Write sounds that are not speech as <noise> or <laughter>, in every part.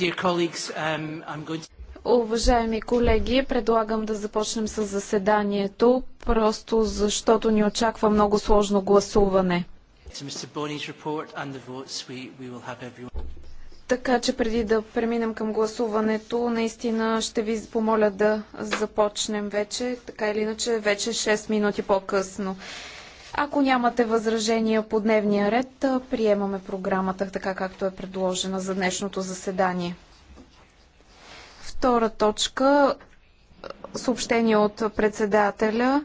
Um, Уважаеми колеги, предлагам да започнем с заседанието, просто защото ни очаква много сложно гласуване. Така че преди да преминем към гласуването, наистина ще ви помоля да започнем вече, така или иначе вече 6 минути по-късно. Ако нямате възражения по дневния ред, приемаме програмата така както е предложена за днешното заседание. Втора точка съобщение от председателя.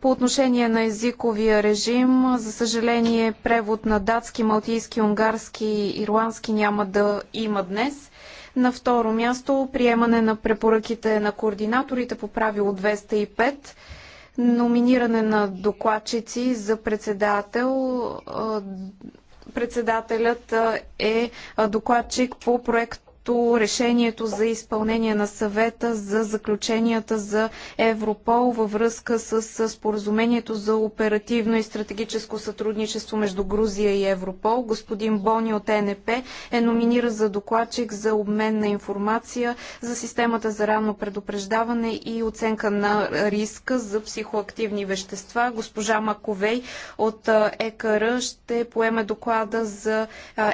По отношение на езиковия режим, за съжаление, превод на датски, малтийски, унгарски и ирландски няма да има днес. На второ място, приемане на препоръките на координаторите по правило 205 номиниране на докладчици за председател. Е, председателят е, е докладчик по проект като решението за изпълнение на съвета за заключенията за Европол във връзка с споразумението за оперативно и стратегическо сътрудничество между Грузия и Европол. Господин Бони от ЕНП е номинира за докладчик за обмен на информация за системата за ранно предупреждаване и оценка на риска за психоактивни вещества. Госпожа Маковей от ЕКР ще поеме доклада за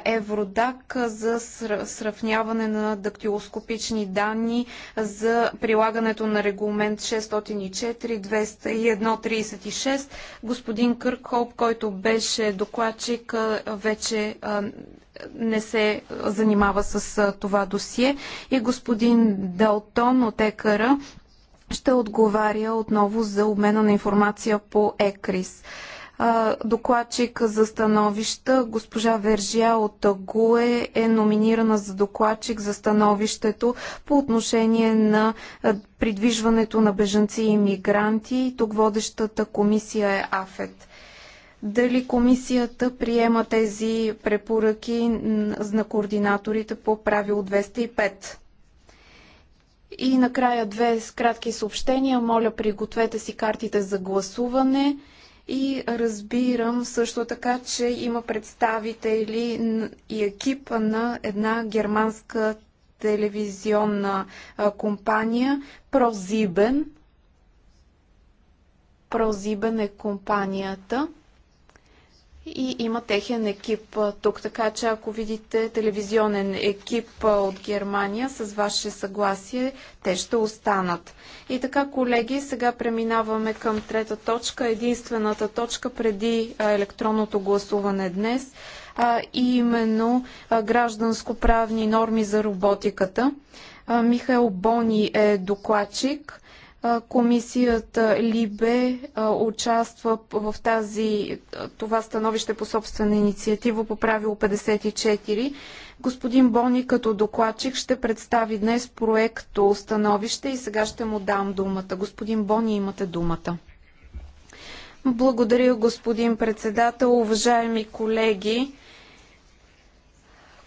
Евродак за сравняване използване на дактилоскопични данни за прилагането на регламент 604-201-36. Господин Къркхолп, който беше докладчик, вече не се занимава с това досие. И господин Далтон от ЕКР ще отговаря отново за обмена на информация по ЕКРИС докладчик за становища. Госпожа Вержия от ГУЕ е номинирана за докладчик за становището по отношение на придвижването на бежанци и мигранти. Тук водещата комисия е АФЕТ. Дали комисията приема тези препоръки на координаторите по правило 205? И накрая две кратки съобщения. Моля, пригответе си картите за гласуване. И разбирам също така, че има представители и екипа на една германска телевизионна компания Прозибен. Прозибен е компанията и има техен екип тук. Така че ако видите телевизионен екип от Германия, с ваше съгласие, те ще останат. И така, колеги, сега преминаваме към трета точка, единствената точка преди електронното гласуване днес, а именно гражданско-правни норми за роботиката. Михаил Бони е докладчик. Комисията Либе участва в тази, това становище по собствена инициатива по правило 54. Господин Бони като докладчик ще представи днес проекто становище и сега ще му дам думата. Господин Бони, имате думата. Благодаря, господин председател, уважаеми колеги.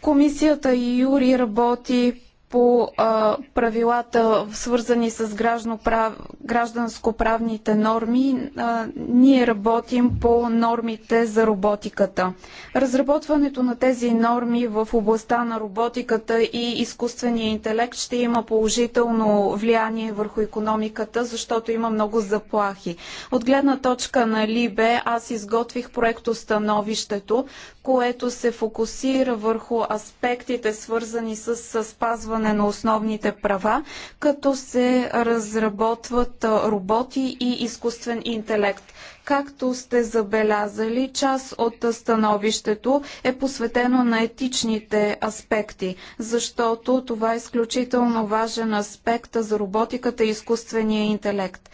Комисията Юри работи по а, правилата, свързани с прав... гражданско-правните норми, а, ние работим по нормите за роботиката. Разработването на тези норми в областта на роботиката и изкуствения интелект ще има положително влияние върху економиката, защото има много заплахи. От гледна точка на Либе аз изготвих проекто становището, което се фокусира върху аспектите, свързани с, с спазване зачитане на основните права, като се разработват роботи и изкуствен интелект. Както сте забелязали, част от становището е посветено на етичните аспекти, защото това е изключително важен аспект за роботиката и изкуствения интелект.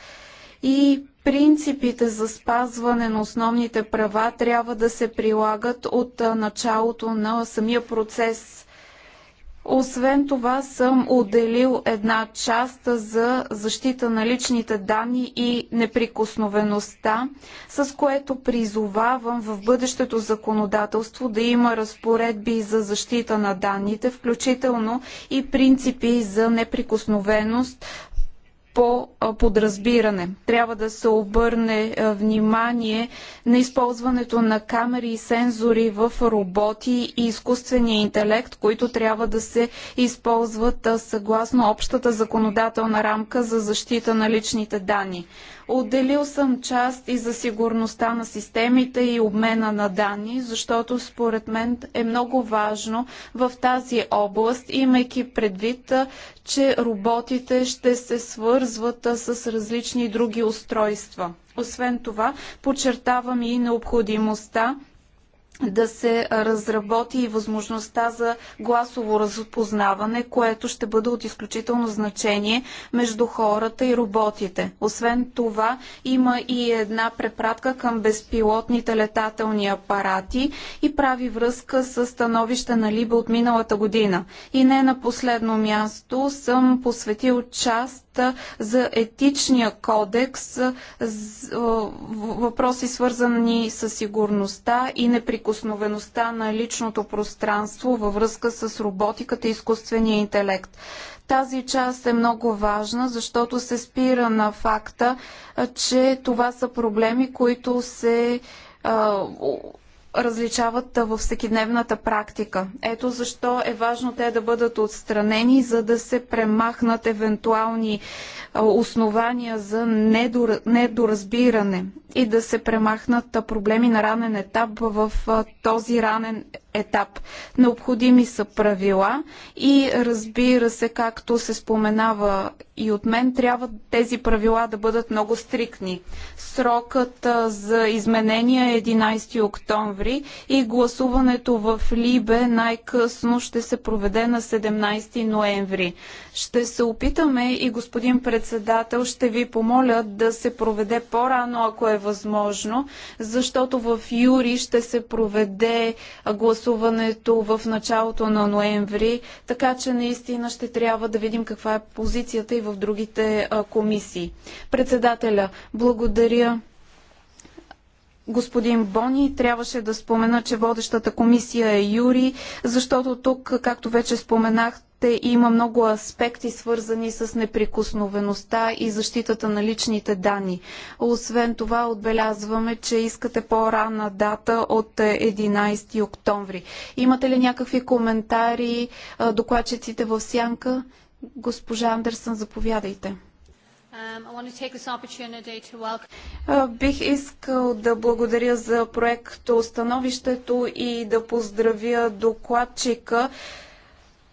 И принципите за спазване на основните права трябва да се прилагат от началото на самия процес освен това съм отделил една част за защита на личните данни и неприкосновеността, с което призовавам в бъдещето законодателство да има разпоредби за защита на данните, включително и принципи за неприкосновеност по подразбиране. Трябва да се обърне внимание на използването на камери и сензори в роботи и изкуствения интелект, които трябва да се използват съгласно общата законодателна рамка за защита на личните данни. Отделил съм част и за сигурността на системите и обмена на данни, защото според мен е много важно в тази област, имайки предвид, че роботите ще се свързват с различни други устройства. Освен това, подчертавам и необходимостта да се разработи и възможността за гласово разпознаване, което ще бъде от изключително значение между хората и роботите. Освен това, има и една препратка към безпилотните летателни апарати и прави връзка с становище на Либа от миналата година. И не на последно място съм посветил част за етичния кодекс, въпроси свързани с сигурността и неприкосновеността неприкосновеността на личното пространство във връзка с роботиката и изкуствения интелект. Тази част е много важна, защото се спира на факта, че това са проблеми, които се различават в всекидневната практика. Ето защо е важно те да бъдат отстранени, за да се премахнат евентуални основания за недоразбиране и да се премахнат проблеми на ранен етап в този ранен етап. Необходими са правила и разбира се, както се споменава и от мен, трябва тези правила да бъдат много стрикни. Срокът за изменения е 11 октомври декември и гласуването в Либе най-късно ще се проведе на 17 ноември. Ще се опитаме и господин председател ще ви помоля да се проведе по-рано, ако е възможно, защото в юри ще се проведе гласуването в началото на ноември, така че наистина ще трябва да видим каква е позицията и в другите комисии. Председателя, благодаря господин Бони. Трябваше да спомена, че водещата комисия е Юри, защото тук, както вече споменах, те има много аспекти, свързани с неприкосновеността и защитата на личните данни. Освен това, отбелязваме, че искате по-рана дата от 11 е, октомври. Имате ли някакви коментари, докладчиците в сянка? Госпожа Андерсън, заповядайте. Um, бих искал да благодаря за проекто становището и да поздравя докладчика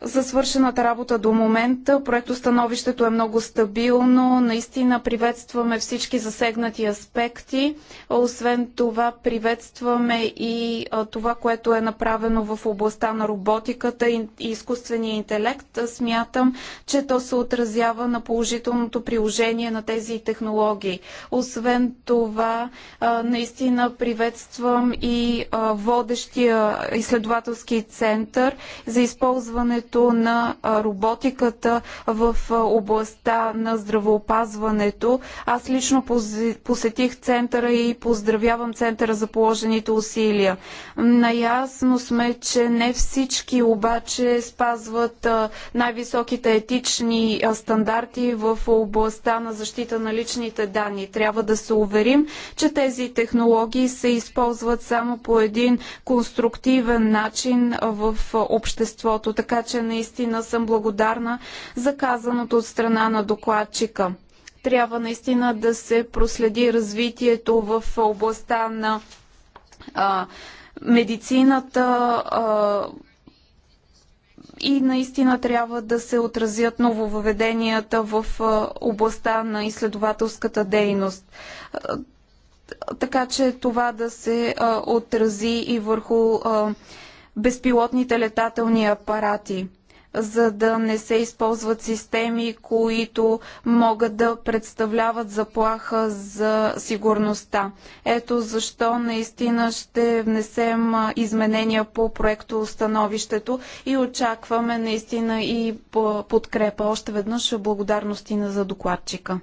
за свършената работа до момента. Проектостановището е много стабилно. Наистина приветстваме всички засегнати аспекти. Освен това, приветстваме и това, което е направено в областта на роботиката и изкуствения интелект. Смятам, че то се отразява на положителното приложение на тези технологии. Освен това, наистина приветствам и водещия изследователски център за използването развитието на роботиката в областта на здравеопазването. Аз лично посетих центъра и поздравявам центъра за положените усилия. Наясно сме, че не всички обаче спазват най-високите етични стандарти в областта на защита на личните данни. Трябва да се уверим, че тези технологии се използват само по един конструктивен начин в обществото, така че че наистина съм благодарна за казаното от страна на докладчика. Трябва наистина да се проследи развитието в областта на а, медицината. А, и наистина трябва да се отразят нововведенията в областта на изследователската дейност. Така че това да се отрази и върху безпилотните летателни апарати, за да не се използват системи, които могат да представляват заплаха за сигурността. Ето защо наистина ще внесем изменения по проекто становището и очакваме наистина и подкрепа. Още веднъж благодарности на за докладчика.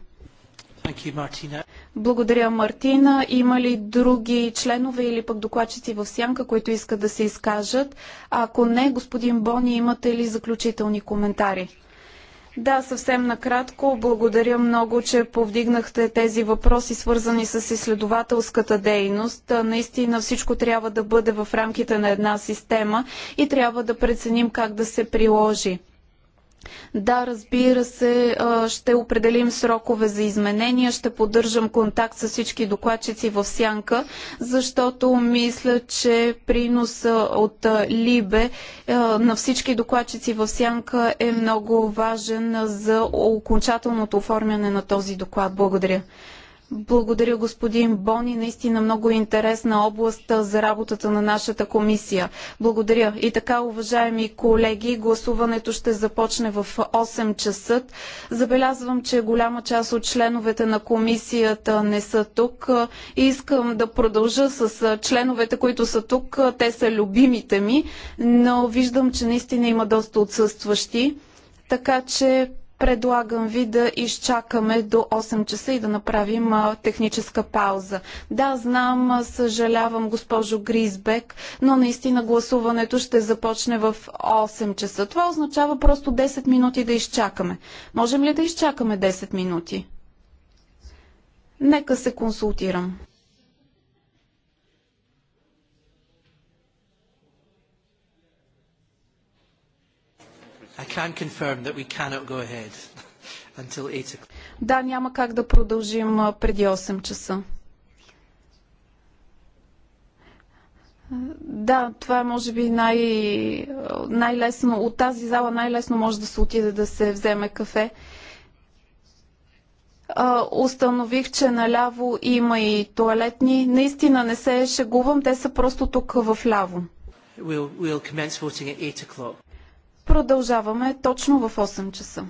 Благодаря, Мартина. Има ли други членове или пък докладчици в сянка, които искат да се изкажат? ако не, господин Бони, имате ли заключителни коментари? Да, съвсем накратко. Благодаря много, че повдигнахте тези въпроси, свързани с изследователската дейност. Наистина всичко трябва да бъде в рамките на една система и трябва да преценим как да се приложи. Да, разбира се, ще определим срокове за изменения, ще поддържам контакт с всички докладчици в Сянка, защото мисля, че приноса от Либе на всички докладчици в Сянка е много важен за окончателното оформяне на този доклад. Благодаря. Благодаря, господин Бони. Наистина много интересна област за работата на нашата комисия. Благодаря. И така, уважаеми колеги, гласуването ще започне в 8 часа. Забелязвам, че голяма част от членовете на комисията не са тук. И искам да продължа с членовете, които са тук. Те са любимите ми, но виждам, че наистина има доста отсъстващи. Така че Предлагам ви да изчакаме до 8 часа и да направим техническа пауза. Да, знам, съжалявам госпожо Гризбек, но наистина гласуването ще започне в 8 часа. Това означава просто 10 минути да изчакаме. Можем ли да изчакаме 10 минути? Нека се консултирам. I can confirm that we cannot go ahead <laughs> until 8 o'clock. Да, няма как да продължим преди 8 часа. Да, това е може би най- най-лесно. От тази зала най-лесно може да се отиде да се вземе кафе. А, установих, че наляво има и туалетни. Наистина не се шегувам, те са просто тук в ляво. We'll, we'll Продължаваме точно в 8 часа.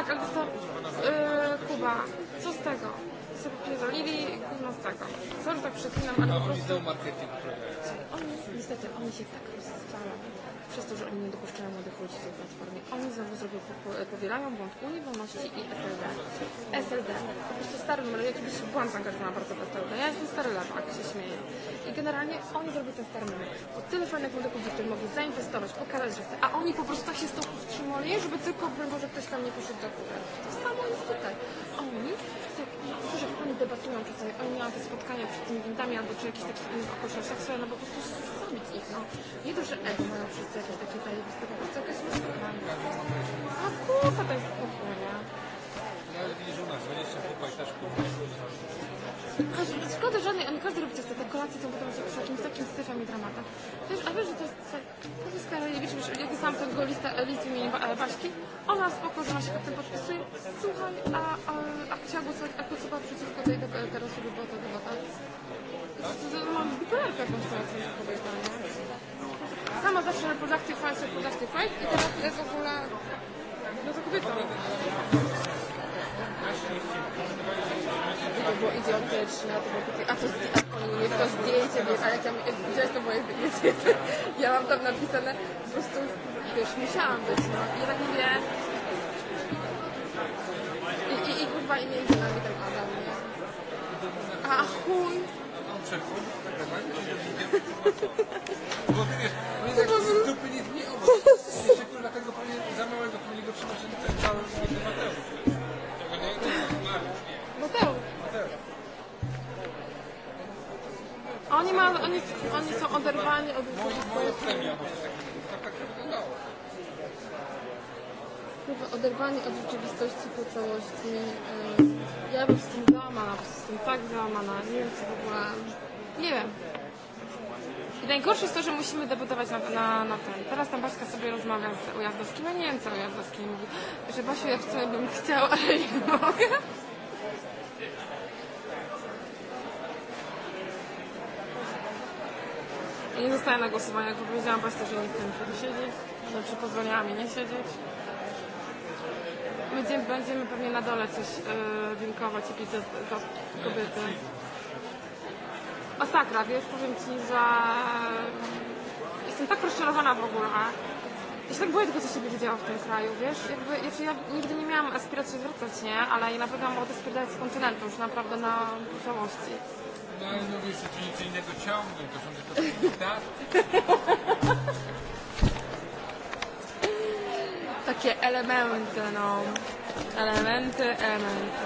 Tak, ale to yy, Kuba, co z tego? Sobie pierdolili gówno z tego. Sorry, tak przeklinam, ale po prostu... Oni, niestety, oni się tak rozstaną przez to, że oni nie dopuszczają młodych ludzi tej platformy. Oni znowu zrobią, powielają błąd Unii Wolności i SLD. SLD. Po prostu stary numer. Ja kiedyś byłam zaangażowana bardzo w SLD. Ja jestem stary lewak, się śmieję. I generalnie oni zrobią ten stary rynek może kupić ktoś mogli zainwestować, pokazać, że chce. A oni po prostu tak się z tą powstrzymali, żeby tylko, było, że ktoś tam nie poszedł do góry. To samo jest tutaj. Oni, tak, że oni debatują czasami, oni mają te spotkania przed tymi windami albo przy jakichś takich innych okolicznościach, które no bo po prostu zabić ich. No. Nie to, że ego mają wszyscy jakieś takie zajebiste, po prostu jakaś rozkopanie. A kurwa, to jest spokojnie. No ale widzisz u nas, 20 chłopak też kurwa. Szkoda żadnej, oni każdy robi te dekoracje, są potem z jakimś takim syfem i dramatem. Wiesz, a wiesz, że to jest, to jest Karajewicz, wiesz, jak sam tego lista, elity w imieniu Baśki, ona spoko, że ona się potem podpisuje, słuchaj, a, a, a chciałabym sobie a głosowała przeciwko tej teraz sobie bo to chyba tak. Mam bipolarkę jakąś teraz, kobieta, nie? Sama zawsze na reproductive fight, reproductive fight i teraz jest w ogóle, no to kobieta. Było idiotyczne, to było takie a to, a oni to zdjęcie, a jak ja wziąć to moje zdjęcie, ja mam tam napisane, po prostu, wiesz, musiałam być, no, i tak mówię, i, i, i kurwa, i nie idzie na mi ten Adam, nie? A chun! On przechodzi, Oni, ma, oni, oni są oderwani od rzeczywistości. Kurwa, oderwani od rzeczywistości po całości. Ja bym z tym załamana, jestem tak załamana. Nie wiem, co w ogóle... Nie wiem. I najgorsze jest to, że musimy debutować na, na, na ten. Teraz tam Baśka sobie rozmawia z Ujazdowskim, ja nie wiem co Ujazdowski mówi, że Basiu ja w sumie bym chciała, ale nie mogę. Ja nie zostaję na głosowanie, to powiedziałam Państwu, że nie chcę siedzieć. Znaczy pozwoliła mi nie siedzieć. Będziemy, będziemy pewnie na dole coś yy, winkować i pić za kobiety. Masakra, wiesz, powiem Ci, że jestem tak rozczarowana w ogóle. Ja się tak boję tego, co się będzie w tym kraju, wiesz? Jakby, jeszcze ja nigdy nie miałam aspiracji wracać, nie? Ale ja na pewno mam ochotę sprzedać z kontynentu już naprawdę na całości. Takie elementy, no. Elementy, elementy.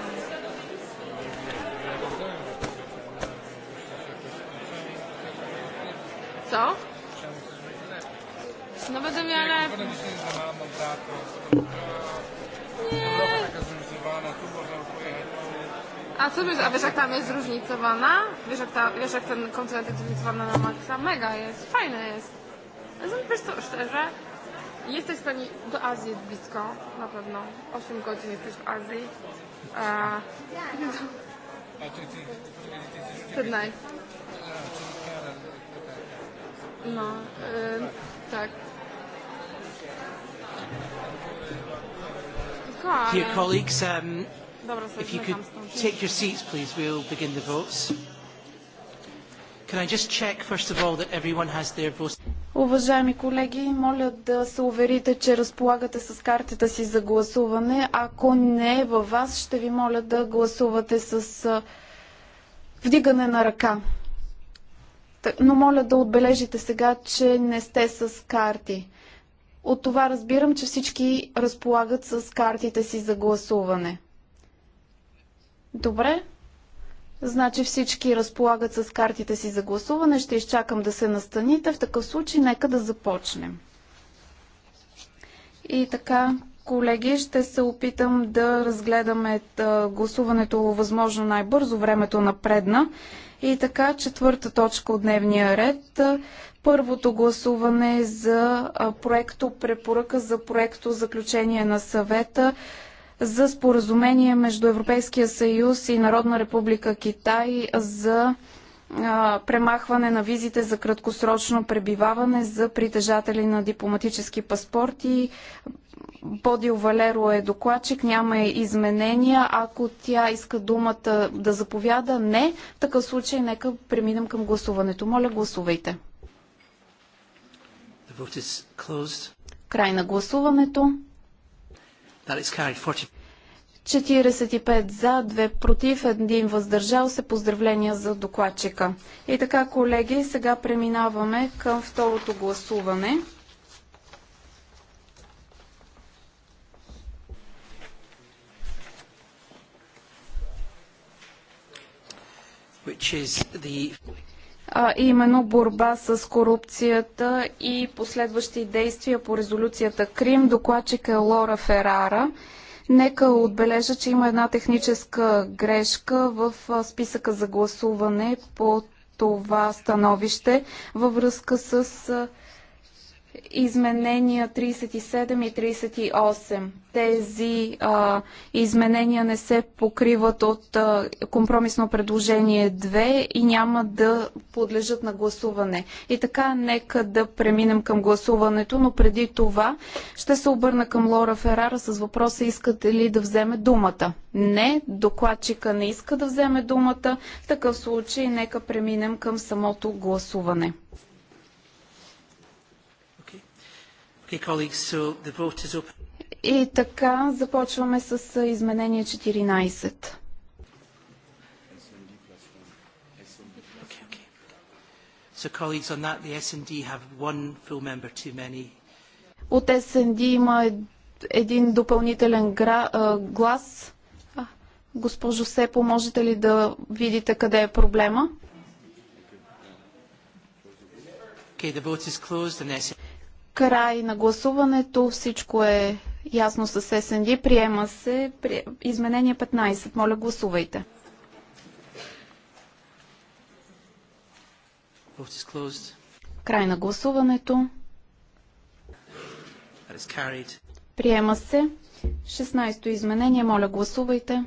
Co? No będę miała lepiej. Nie. Europa A co wiesz, a wiesz jak tam jest zróżnicowana? Wiesz jak, ta, wiesz jak ten kontynent jest zróżnicowany na maksa? Mega jest, fajne jest. Wiesz co, szczerze, jesteś pani do Azji jest blisko, na pewno. 8 godzin jesteś w Azji. A, Sydney. No, y, tak. Dear colleagues, um, If you could take your seats, please, we'll begin the votes. Can I just check, first of all, that everyone has their votes? Уважаеми колеги, моля да се уверите, че разполагате с картата си за гласуване. Ако не е във вас, ще ви моля да гласувате с вдигане на ръка. Но моля да отбележите сега, че не сте с карти. От това разбирам, че всички разполагат с картите си за гласуване. Добре. Значи всички разполагат с картите си за гласуване. Ще изчакам да се настаните. В такъв случай нека да започнем. И така, колеги, ще се опитам да разгледаме гласуването възможно най-бързо, времето напредна. И така, четвърта точка от дневния ред. Първото гласуване за проекто препоръка за проекто заключение на съвета за споразумение между Европейския съюз и Народна република Китай за премахване на визите за краткосрочно пребиваване за притежатели на дипломатически паспорти. Бодил Валеро е докладчик, няма изменения. Ако тя иска думата да заповяда, не. В такъв случай нека преминем към гласуването. Моля, гласувайте. Край на гласуването. 45 за, 2 против, 1 въздържал се. Поздравления за докладчика. И така, колеги, сега преминаваме към второто гласуване. Which is the а именно борба с корупцията и последващи действия по резолюцията Крим. Докладчик е Лора Ферара. Нека отбележа, че има една техническа грешка в списъка за гласуване по това становище във връзка с изменения 37 и 38. Тези а, изменения не се покриват от а, компромисно предложение 2 и няма да подлежат на гласуване. И така, нека да преминем към гласуването, но преди това ще се обърна към Лора Ферара с въпроса искате ли да вземе думата. Не, докладчика не иска да вземе думата. В такъв случай нека преминем към самото гласуване. И така започваме с изменение 14. So colleagues, on that, the have one full member too many. От СНД има един допълнителен гра, а, глас. А, госпожо Сепо, можете ли да видите къде е проблема? Okay, the vote is closed and Край на гласуването. Всичко е ясно с СНД. Приема се изменение 15. Моля, гласувайте. Край на гласуването. Приема се. 16-то изменение. Моля, гласувайте.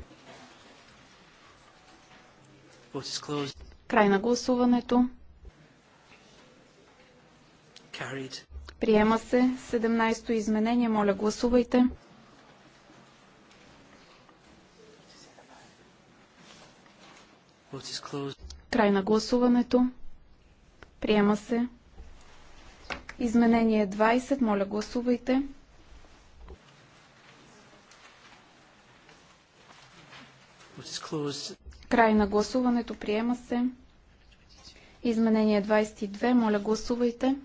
Край на гласуването. Carried. Приема се 17-то изменение. Моля, гласувайте. Край на гласуването. Приема се. Изменение 20. Моля, гласувайте. Край на гласуването. Приема се. Изменение 22. Моля, гласувайте.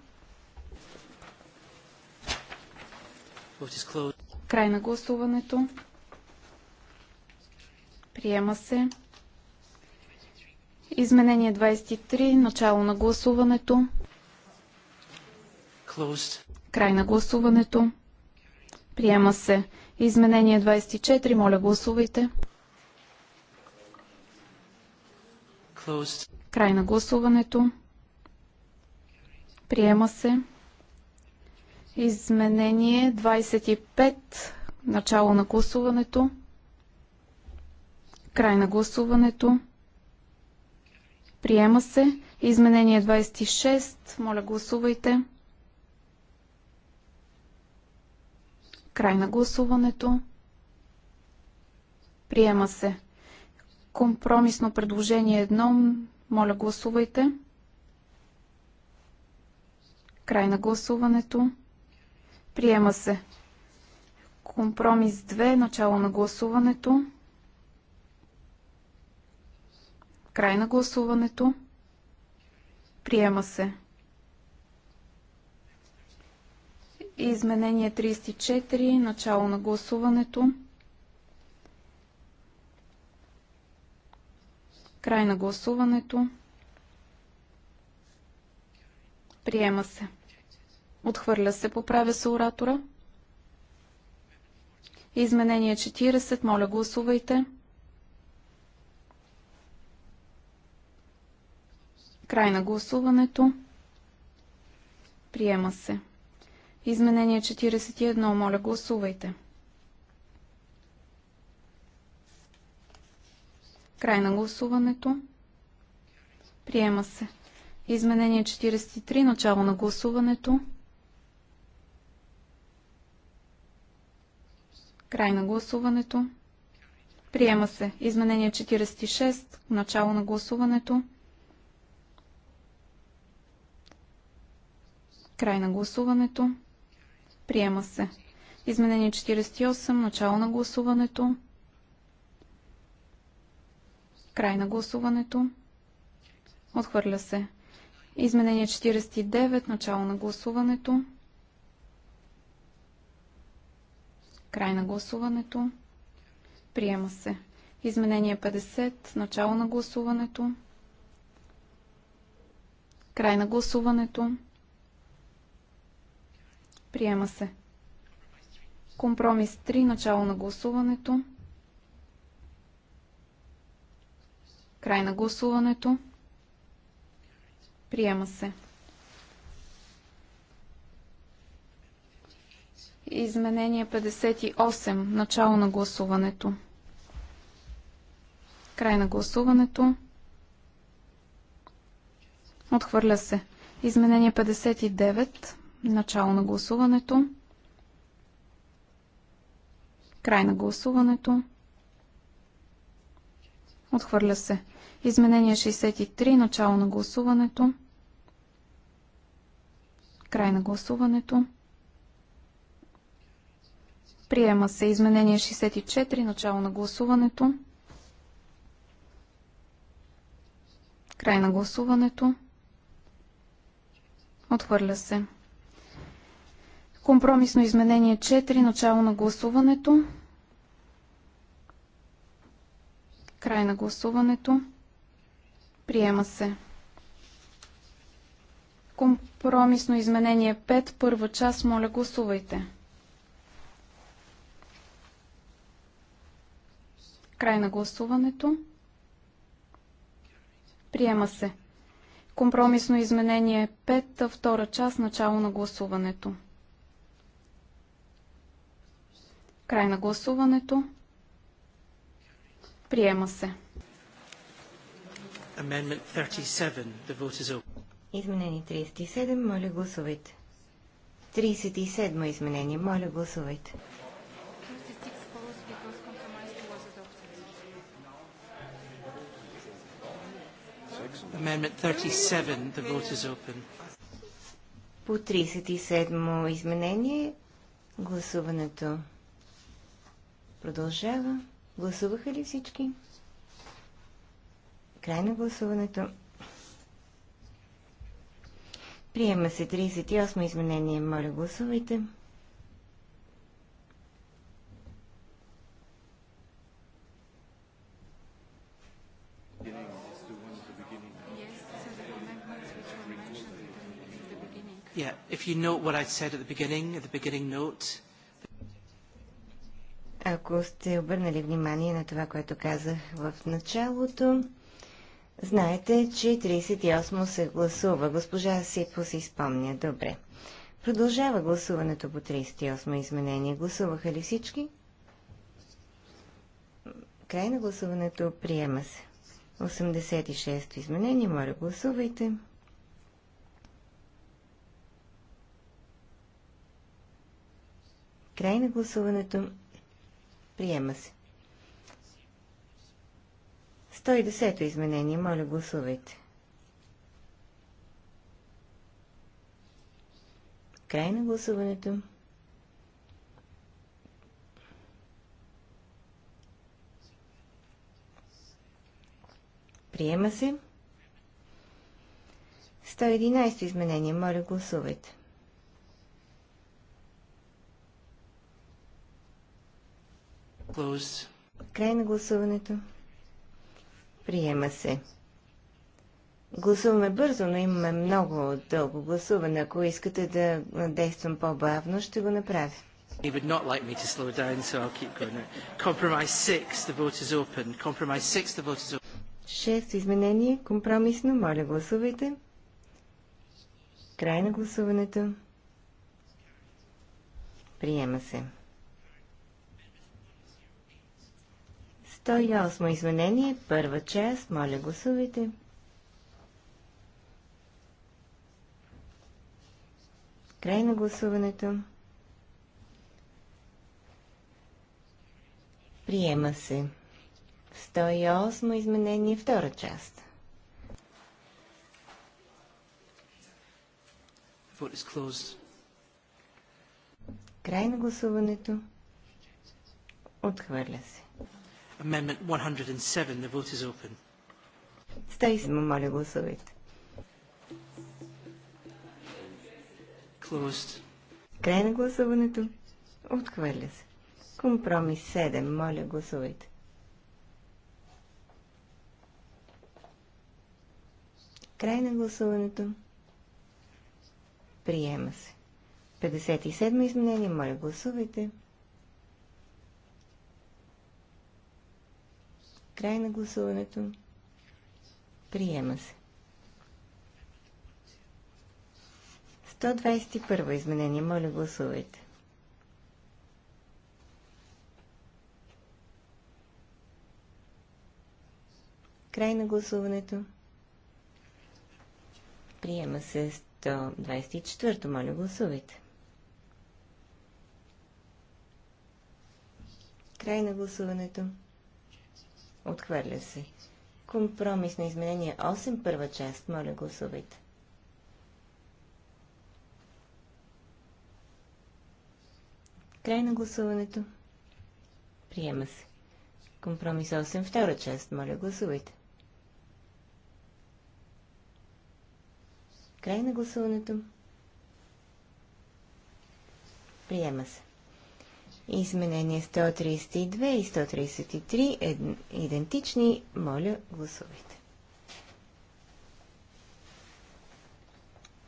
Край на гласуването. Приема се. Изменение 23. Начало на гласуването. Closed. Край на гласуването. Приема се. Изменение 24. Моля гласувайте. Closed. Край на гласуването. Приема се. Изменение 25. Начало на гласуването. Край на гласуването. Приема се. Изменение 26. Моля гласувайте. Край на гласуването. Приема се. Компромисно предложение 1. Моля гласувайте. Край на гласуването. Приема се. Компромис 2. Начало на гласуването. Край на гласуването. Приема се. Изменение 34. Начало на гласуването. Край на гласуването. Приема се. Отхвърля се. Поправя се оратора. Изменение 40. Моля, гласувайте. Край на гласуването. Приема се. Изменение 41. Моля, гласувайте. Край на гласуването. Приема се. Изменение 43. Начало на гласуването. Край на гласуването. Приема се. Изменение 46. Начало на гласуването. Край на гласуването. Приема се. Изменение 48. Начало на гласуването. Край на гласуването. Отхвърля се. Изменение 49. Начало на гласуването. Край на гласуването. Приема се. Изменение 50. Начало на гласуването. Край на гласуването. Приема се. Компромис 3. Начало на гласуването. Край на гласуването. Приема се. Изменение 58. Начало на гласуването. Край на гласуването. Отхвърля се. Изменение 59. Начало на гласуването. Край на гласуването. Отхвърля се. Изменение 63. Начало на гласуването. Край на гласуването. Приема се изменение 64, начало на гласуването. Край на гласуването. Отхвърля се. Компромисно изменение 4, начало на гласуването. Край на гласуването. Приема се. Компромисно изменение 5, първа част, моля гласувайте. Край на гласуването. Приема се. Компромисно изменение 5, втора част, начало на гласуването. Край на гласуването. Приема се. Изменение 37. Моля гласувайте. 37 изменение. Моля гласувайте. Amendment 37. The vote is open. По 37-мо изменение гласуването продължава. Гласуваха ли всички? Край на гласуването. Приема се 38 изменение. Моля, гласувайте. Yeah, if you note what I said at the beginning, at the beginning note. Ако сте обърнали внимание на това, което казах в началото, знаете, че 38 се гласува. Госпожа Сипо се изпомня. добре. Продължава гласуването по 38 изменение. Гласуваха ли всички? Край на гласуването приема се. 86 изменение. Моля, гласувайте. Край на гласуването. Приема се. 110-то изменение. Моля, гласувайте. Край на гласуването. Приема се. 111 изменение. Моля, гласувайте. Край на гласуването. Приема се. Гласуваме бързо, но имаме много дълго гласуване. Ако искате да действам по-бавно, ще го направя. He would not like me to slow down, so I'll keep going. Now. Compromise 6, the vote is open. Compromise 6, the vote is open. Шест изменение, компромисно, моля гласувайте. Край на гласуването. Приема се. 108 изменение, първа част. Моля, гласувайте. Край на гласуването. Приема се. 108 изменение, втора част. Край на гласуването. Отхвърля се. Amendment 107. The vote is open. 107, моля гласувайте. Closed. Край на гласуването. Отхвърля се. Компромис 7. Моля гласувайте. Край на гласуването. Приема се. 57 изменения. Моля гласувайте. Край на гласуването. Приема се. 121 изменение. Моля, гласувайте. Край на гласуването. Приема се 124. Моля, гласувайте. Край на гласуването. Отхвърля се. Компромис на изменение 8, първа част. Моля, гласувайте. Край на гласуването. Приема се. Компромис 8, втора част. Моля, гласувайте. Край на гласуването. Приема се. Изменение 132 и 133 е идентични. Моля, гласувайте.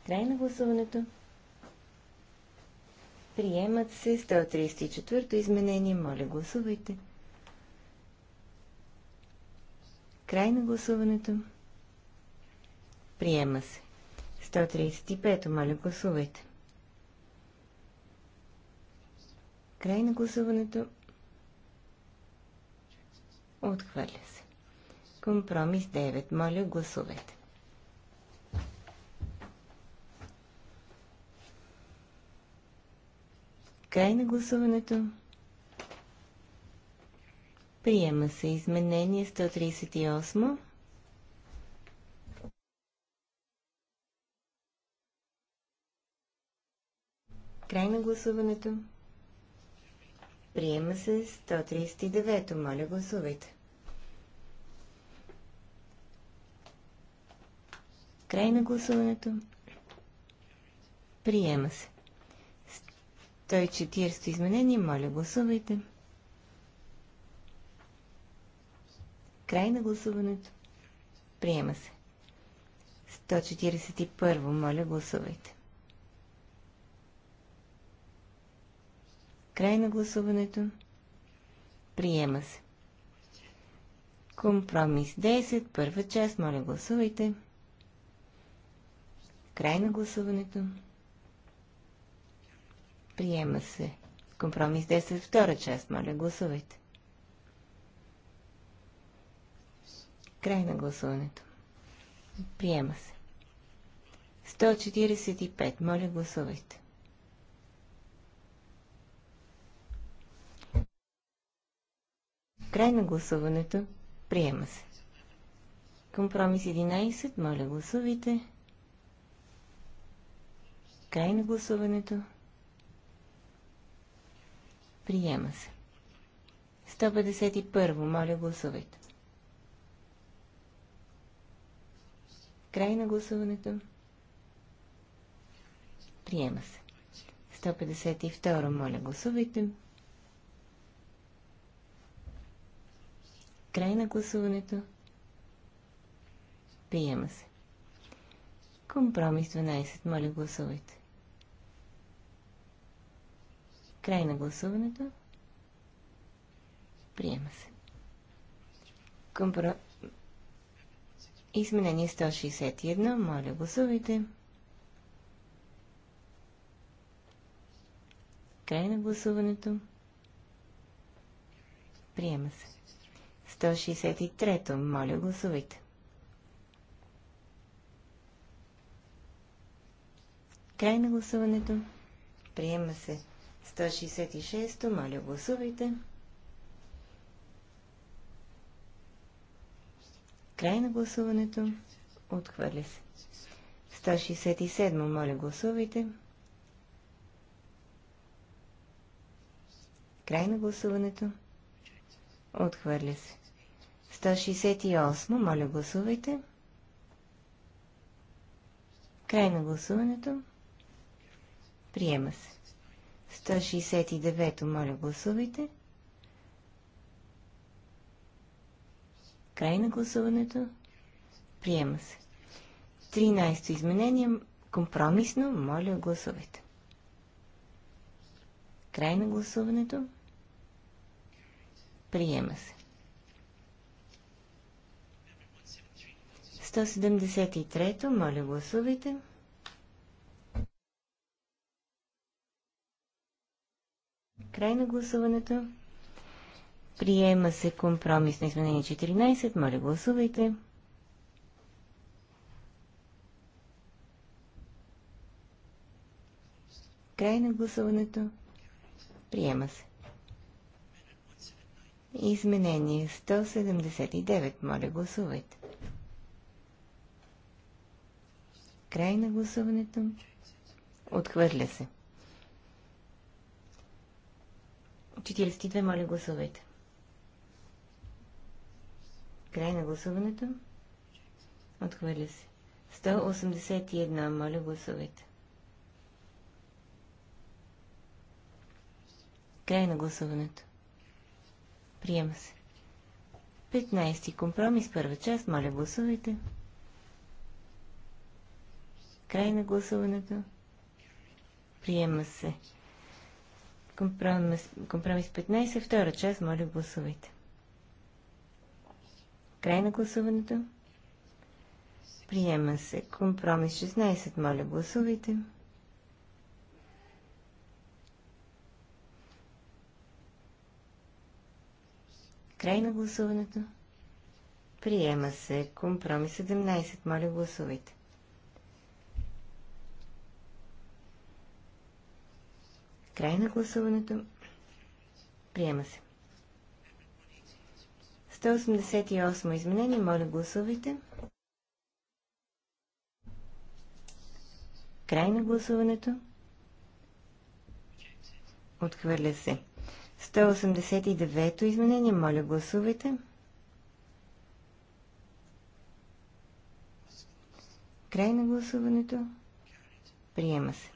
Край на гласуването. Приемат се 134-то изменение. Моля, гласувайте. Край на гласуването. Приема се. 135-то. Моля, гласувайте. Край на гласуването. Отхвърля се. Компромис 9. Моля, гласувайте. Край на гласуването. Приема се изменение 138. Край на гласуването. Приема се 139. Моля, гласувайте. Край на гласуването. Приема се. 140 изменение. Моля, гласувайте. Край на гласуването. Приема се. 141. Моля, гласувайте. Край на гласуването. Приема се. Компромис 10, първа част. Моля, гласувайте. Край на гласуването. Приема се. Компромис 10, втора част. Моля, гласувайте. Край на гласуването. Приема се. 145. Моля, гласувайте. Край на гласуването. Приема се. Компромис 11. Моля, гласувайте. Край на гласуването. Приема се. 151. Моля, гласувайте. Край на гласуването. Приема се. 152. Моля, гласувайте. Край на гласуването. Приема се. Компромис 12. Моля, гласувайте. Край на гласуването. Приема се. Компро... Изменение 161. Моля, гласувайте. Край на гласуването. Приема се. 163. Моля, гласувайте. Край на гласуването. Приема се 166. Моля, гласувайте. Край на гласуването. Отхвърля се. 167. Моля, гласувайте. Край на гласуването. Отхвърля се. 168. Моля, гласувайте. Край на гласуването. Приема се. 169. Моля, гласувайте. Край на гласуването. Приема се. 13 изменение. Компромисно. Моля, гласувайте. Край на гласуването. Приема се. 173-то. Моля, гласувайте. Край на гласуването. Приема се компромис на изменение 14. Моля, гласувайте. Край на гласуването. Приема се. Изменение 179. Моля, гласувайте. Край на гласуването. Отхвърля се. 42, моля гласувайте. Край на гласуването. Отхвърля се. 181, моля гласувайте. Край на гласуването. Приема се. 15. Компромис, първа част, моля гласувайте. Край на гласуването. Приема се. Компромис, 15, втора част, моля гласувайте. Край на гласуването. Приема се. Компромис 16, моля гласувайте. Край на гласуването. Приема се. Компромис 17, моля гласувайте. Край на гласуването. Приема се. 188 изменение. Моля, гласувайте. Край на гласуването. Отхвърля се. 189-то изменение. Моля, гласувайте. Край на гласуването. Приема се.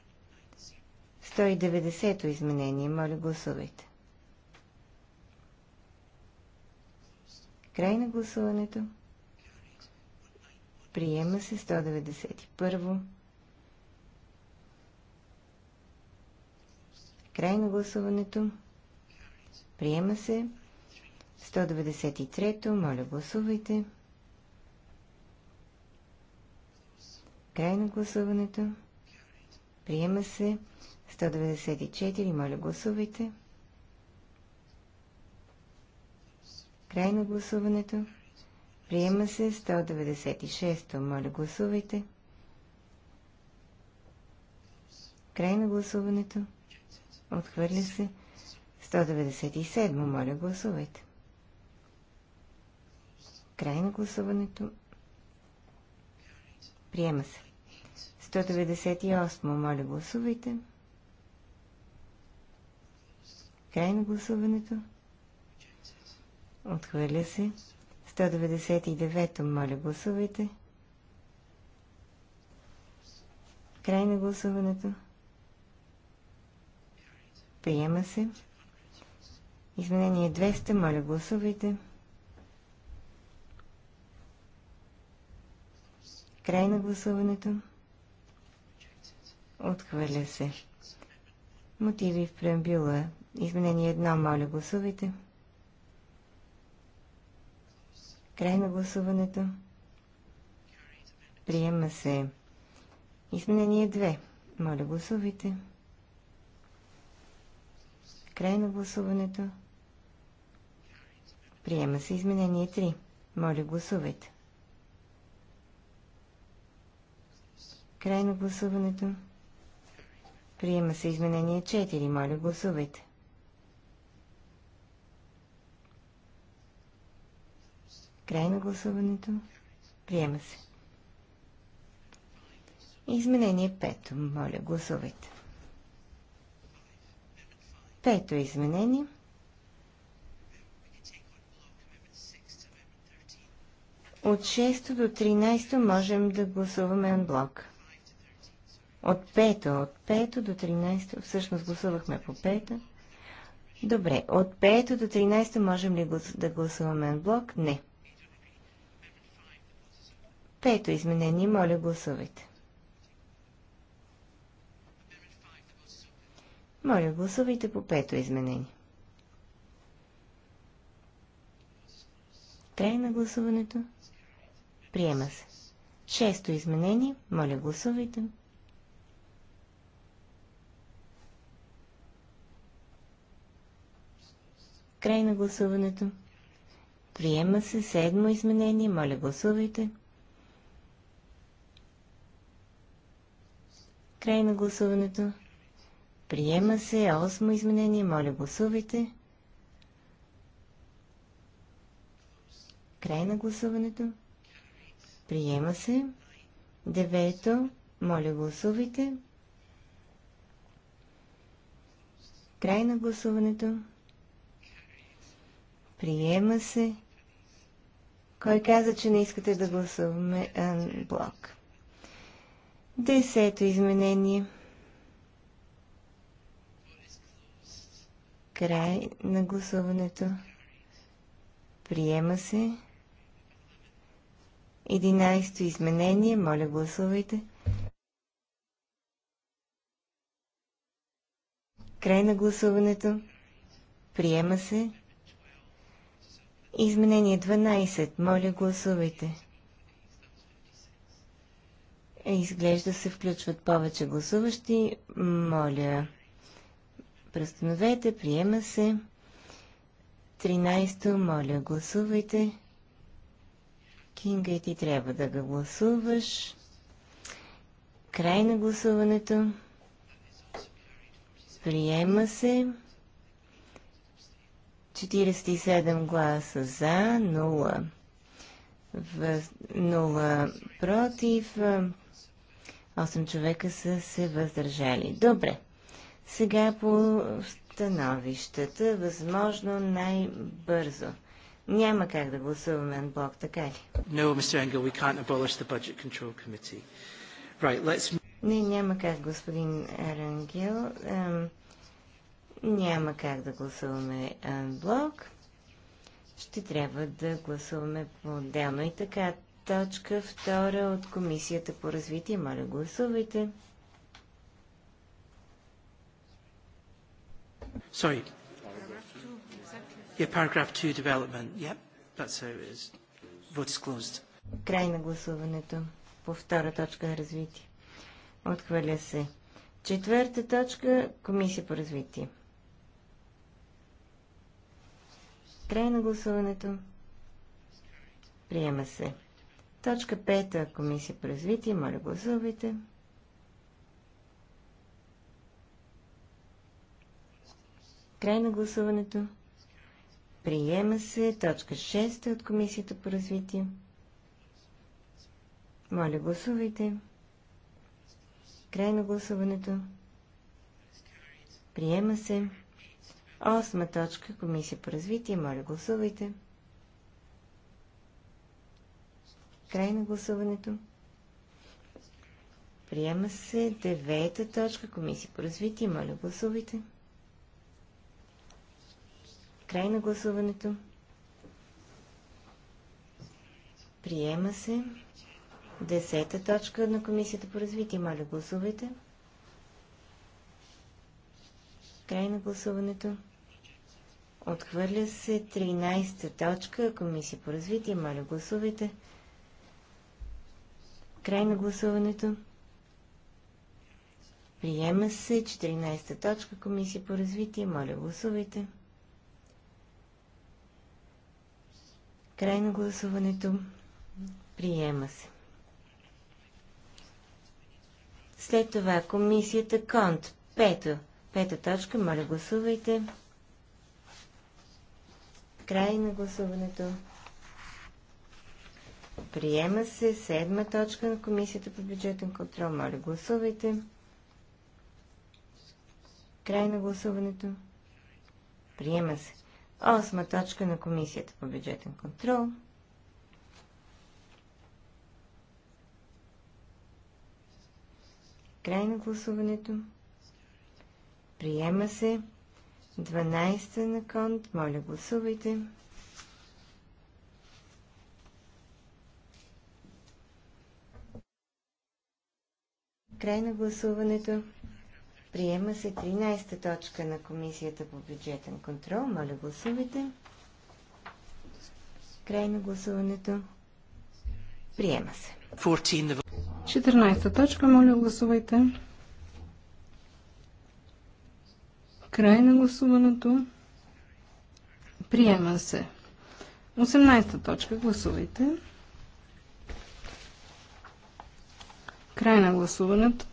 190-то изменение. Моля, гласувайте. Край на гласуването. Приема се 191. во Край на гласуването. Приема се 193. Моля, гласувайте. Край на гласуването. Приема се 194. Моля, гласувайте. Край на гласуването. Приема се 196. Моля, гласувайте. Край на гласуването. Отхвърля се 197. Моля, гласувайте. Край на гласуването. Приема се. 198. Моля, гласувайте. Край на гласуването. Отхвърля се. 199-то, моля, гласувайте. Край на гласуването. Приема се. Изменение 200, моля, гласувайте. Край на гласуването. Отхвърля се. Мотиви в преамбюла. Изменение едно, моля гласувайте. Край на гласуването. Приема се. Изменение 2. Моля гласувайте. Край на гласуването. Приема се изменение 3. Моля гласувайте. Край на гласуването. Приема се изменение 4. Моля, гласувайте. Край на гласуването. Приема се. Изменение 5. Моля, гласувайте. Пето изменение. От 6 до 13 можем да гласуваме анблок. От пето, от пето до 13, всъщност гласувахме по пето. Добре, от пето до 13 можем ли да гласуваме на блок? Не. Пето изменение, моля гласувайте. Моля гласувайте по пето изменение. Край на гласуването. Приема се. Шесто изменение, моля гласувайте. Край на гласуването. Приема се седмо изменение. Моля, гласувайте. Край на гласуването. Приема се осмо изменение. Моля, гласувайте. Край на гласуването. Приема се. Девето. Моля, гласувайте. Край на гласуването. Приема се. Кой каза, че не искате да гласуваме блок. Десето изменение. Край на гласуването. Приема се. Единайсто изменение. Моля, гласувайте. Край на гласуването. Приема се. Изменение 12. Моля, гласувайте. Е, изглежда се включват повече гласуващи. Моля, престановете, приема се. 13. Моля, гласувайте. Кинга, и ти трябва да го гласуваш. Край на гласуването. Приема се. 47 гласа за, 0, 0 против, 8 човека са се въздържали. Добре. Сега по становищата, възможно най-бързо. Няма как да гласуваме на блок, така ли? No, Mr. Engel, we can't abolish the Budget Control Committee. Right, let's... Не, няма как, господин Ренгел. Няма как да гласуваме блок. Ще трябва да гласуваме по-отделно. И така, точка втора от Комисията по развитие. Моля, гласувайте. Sorry. Yeah, paragraph 2 development. Yep, that's how it is. Vote is closed. Край на гласуването по втора точка на развитие. Отхвърля се. Четвърта точка – Комисия по развитие. Край на гласуването. Приема се. Точка 5. Комисия по развитие. Моля, гласувайте. Край на гласуването. Приема се. Точка 6 от Комисията по развитие. Моля, гласувайте. Край на гласуването. Приема се. Осма точка, Комисия по развитие. Моля, гласувайте. Край на гласуването. Приема се девета точка, Комисия по развитие. Моля, гласувайте. Край на гласуването. Приема се десета точка на Комисията по развитие. Моля, гласувайте. Край на гласуването. Отхвърля се 13-та точка. Комисия по развитие. Моля, гласувайте. Край на гласуването. Приема се 14-та точка. Комисия по развитие. Моля, гласувайте. Край на гласуването. Приема се. След това комисията Конт. Пето. Пета точка. Моля, гласувайте. Гласувайте. Край на гласуването. Приема се седма точка на Комисията по бюджетен контрол. Моля, гласувайте. Край на гласуването. Приема се. Осма точка на Комисията по бюджетен контрол. Край на гласуването. Приема се. 12 на конт. Моля, гласувайте. Край на гласуването. Приема се 13-та точка на Комисията по бюджетен контрол. Моля, гласувайте. Край на гласуването. Приема се. 14-та точка. Моля, гласувайте. Край на гласуването. Приема се. 18-та точка. Гласувайте. Край на гласуването.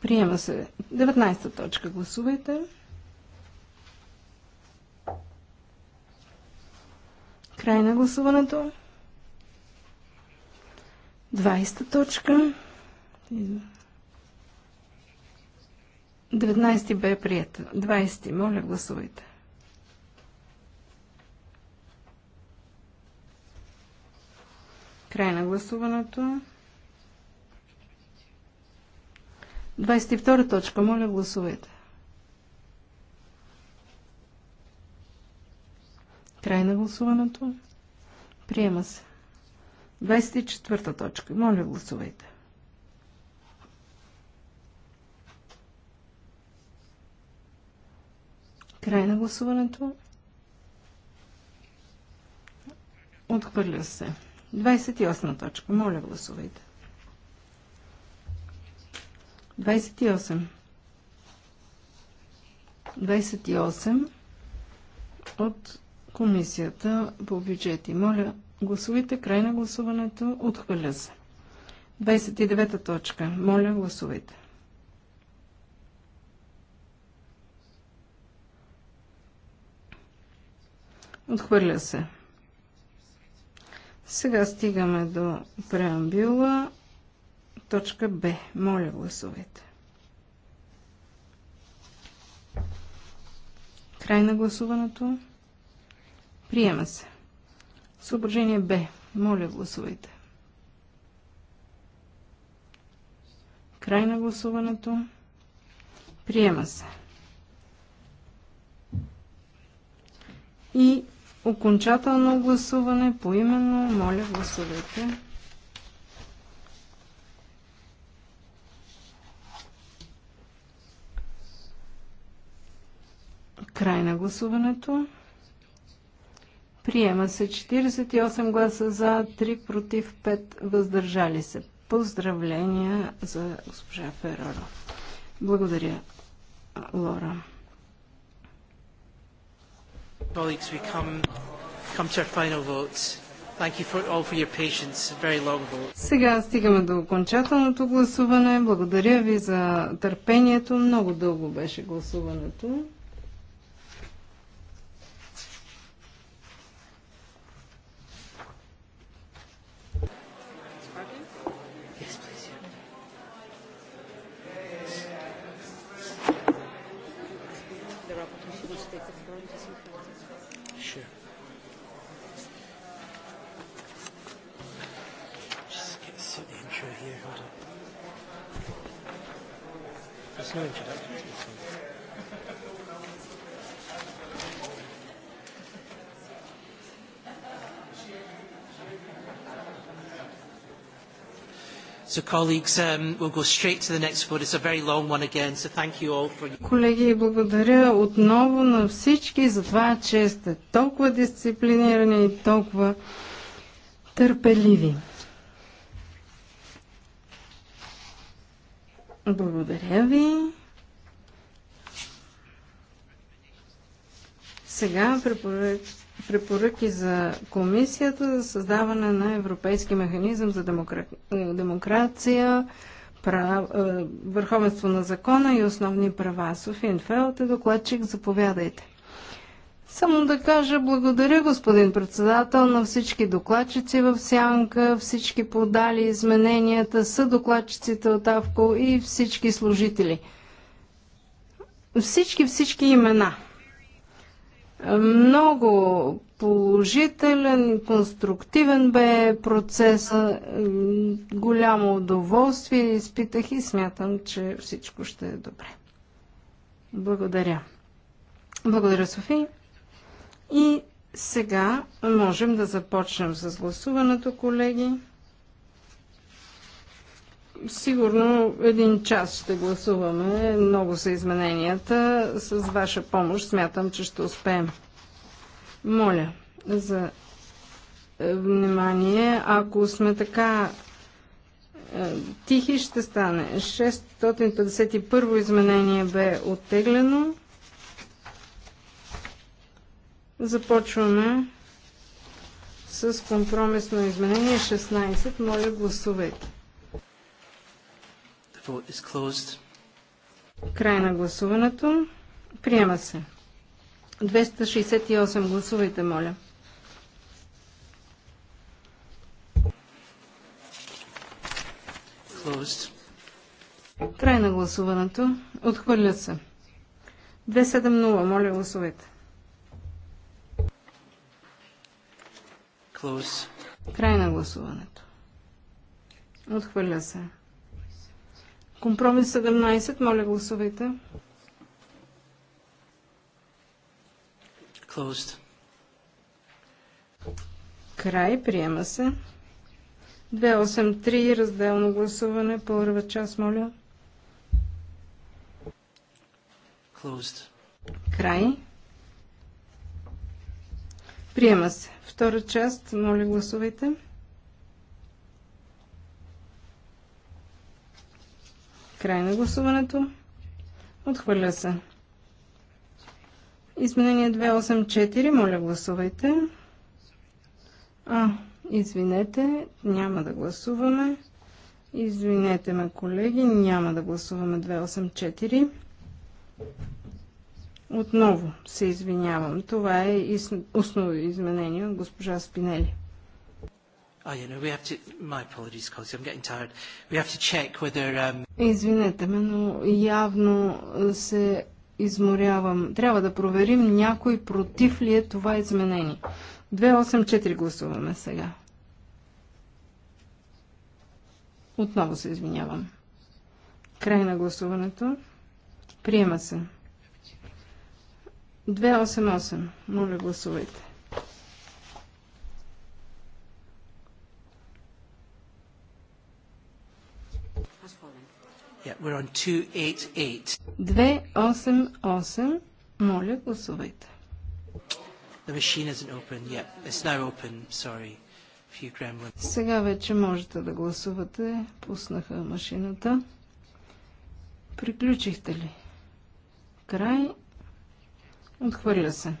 Приема се. 19-та точка. Гласувайте. Край на гласуването. 20-та точка. Извинявам. 19 бе прието. 20. Моля, гласувайте. Край на гласуването. 22 точка. Моля, гласувайте. Край на гласуването. Приема се. 24 точка. Моля, гласувайте. Край на гласуването. Отхвърля се. 28 точка. Моля, гласувайте. 28. 28 от Комисията по бюджети. Моля, гласувайте. Край на гласуването. Отхвърля се. 29 точка. Моля, гласувайте. 29. Отхвърля се. Сега стигаме до преамбюла. Точка Б. Моля, гласовете. Край на гласуването. Приема се. Съображение Б. Моля, гласовете. Край на гласуването. Приема се. И Окончателно гласуване по именно. Моля, гласувайте. Край на гласуването. Приема се 48 гласа за, 3 против, 5 въздържали се. Поздравления за госпожа Фероро. Благодаря, Лора. Colleagues, we come, come to our final votes. Thank you for all for your patience. Very long vote. Сега стигаме до окончателното гласуване. Благодаря ви за търпението. Много дълго беше гласуването. Um, Колеги, благодаря отново на всички за това, че сте толкова дисциплинирани и толкова търпеливи. Благодаря ви. Сега препоръчвам препоръки за комисията за създаване на европейски механизъм за демокра... Е, демокрация, прав... Е, върховенство на закона и основни права. Софин Фелт е докладчик. Заповядайте. Само да кажа благодаря, господин председател, на всички докладчици в Сянка, всички подали измененията, са докладчиците от АВКО и всички служители. Всички, всички имена – много положителен, конструктивен бе процеса. Голямо удоволствие изпитах и смятам, че всичко ще е добре. Благодаря. Благодаря, Софи. И сега можем да започнем с гласуването, колеги. Сигурно един час ще гласуваме. Много са измененията. С ваша помощ смятам, че ще успеем. Моля за е, внимание. Ако сме така е, тихи, ще стане. 651 изменение бе оттеглено. Започваме с компромисно изменение 16. Моля, гласувайте. Vote is closed. Край на гласуването. Приема се. 268 гласувайте, моля. Closed. Край на гласуването. Отхвърля се. 270, моля гласувайте. Close. Край на гласуването. Отхвърля се. 271. Компромис 17, моля гласувайте. Closed. Край, приема се. 283, разделно гласуване, първа част, моля. Closed. Край. Приема се. Втора част, моля гласувайте. Край на гласуването. Отхвърля се. Изменение 284. Моля, гласувайте. А, извинете, няма да гласуваме. Извинете ме, колеги, няма да гласуваме 284. Отново се извинявам. Това е основно изменение от госпожа Спинели. Oh, you know, we have to... My apologies, colleagues, I'm getting tired. We have to check whether... Um... Извинете ме, но явно се изморявам. Трябва да проверим някой против ли е това изменение. 284 гласуваме сега. Отново се извинявам. Край на гласуването. Приема се. 288. Моля, гласувайте. Yeah, we're on 288. 288. Моля, гласувайте. The machine isn't open. Yeah, it's now open. Sorry. Few gremlins. Сега вече можете да гласувате. Пуснаха машината. Приключихте ли? Край. Отхвърля се.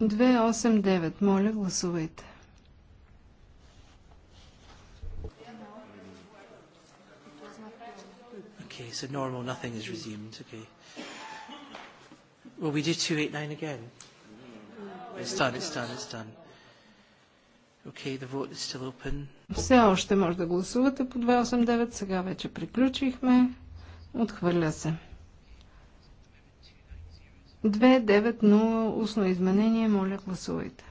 Две, осем, девет. Моля, гласувайте. back to normal, nothing is resumed. Okay. Will we do 289 again? It's done, it's done, it's done. Okay, the vote is still open. Все още може да гласувате по 289. Сега вече приключихме. Отхвърля се. 290 устно изменение. Моля, гласувайте.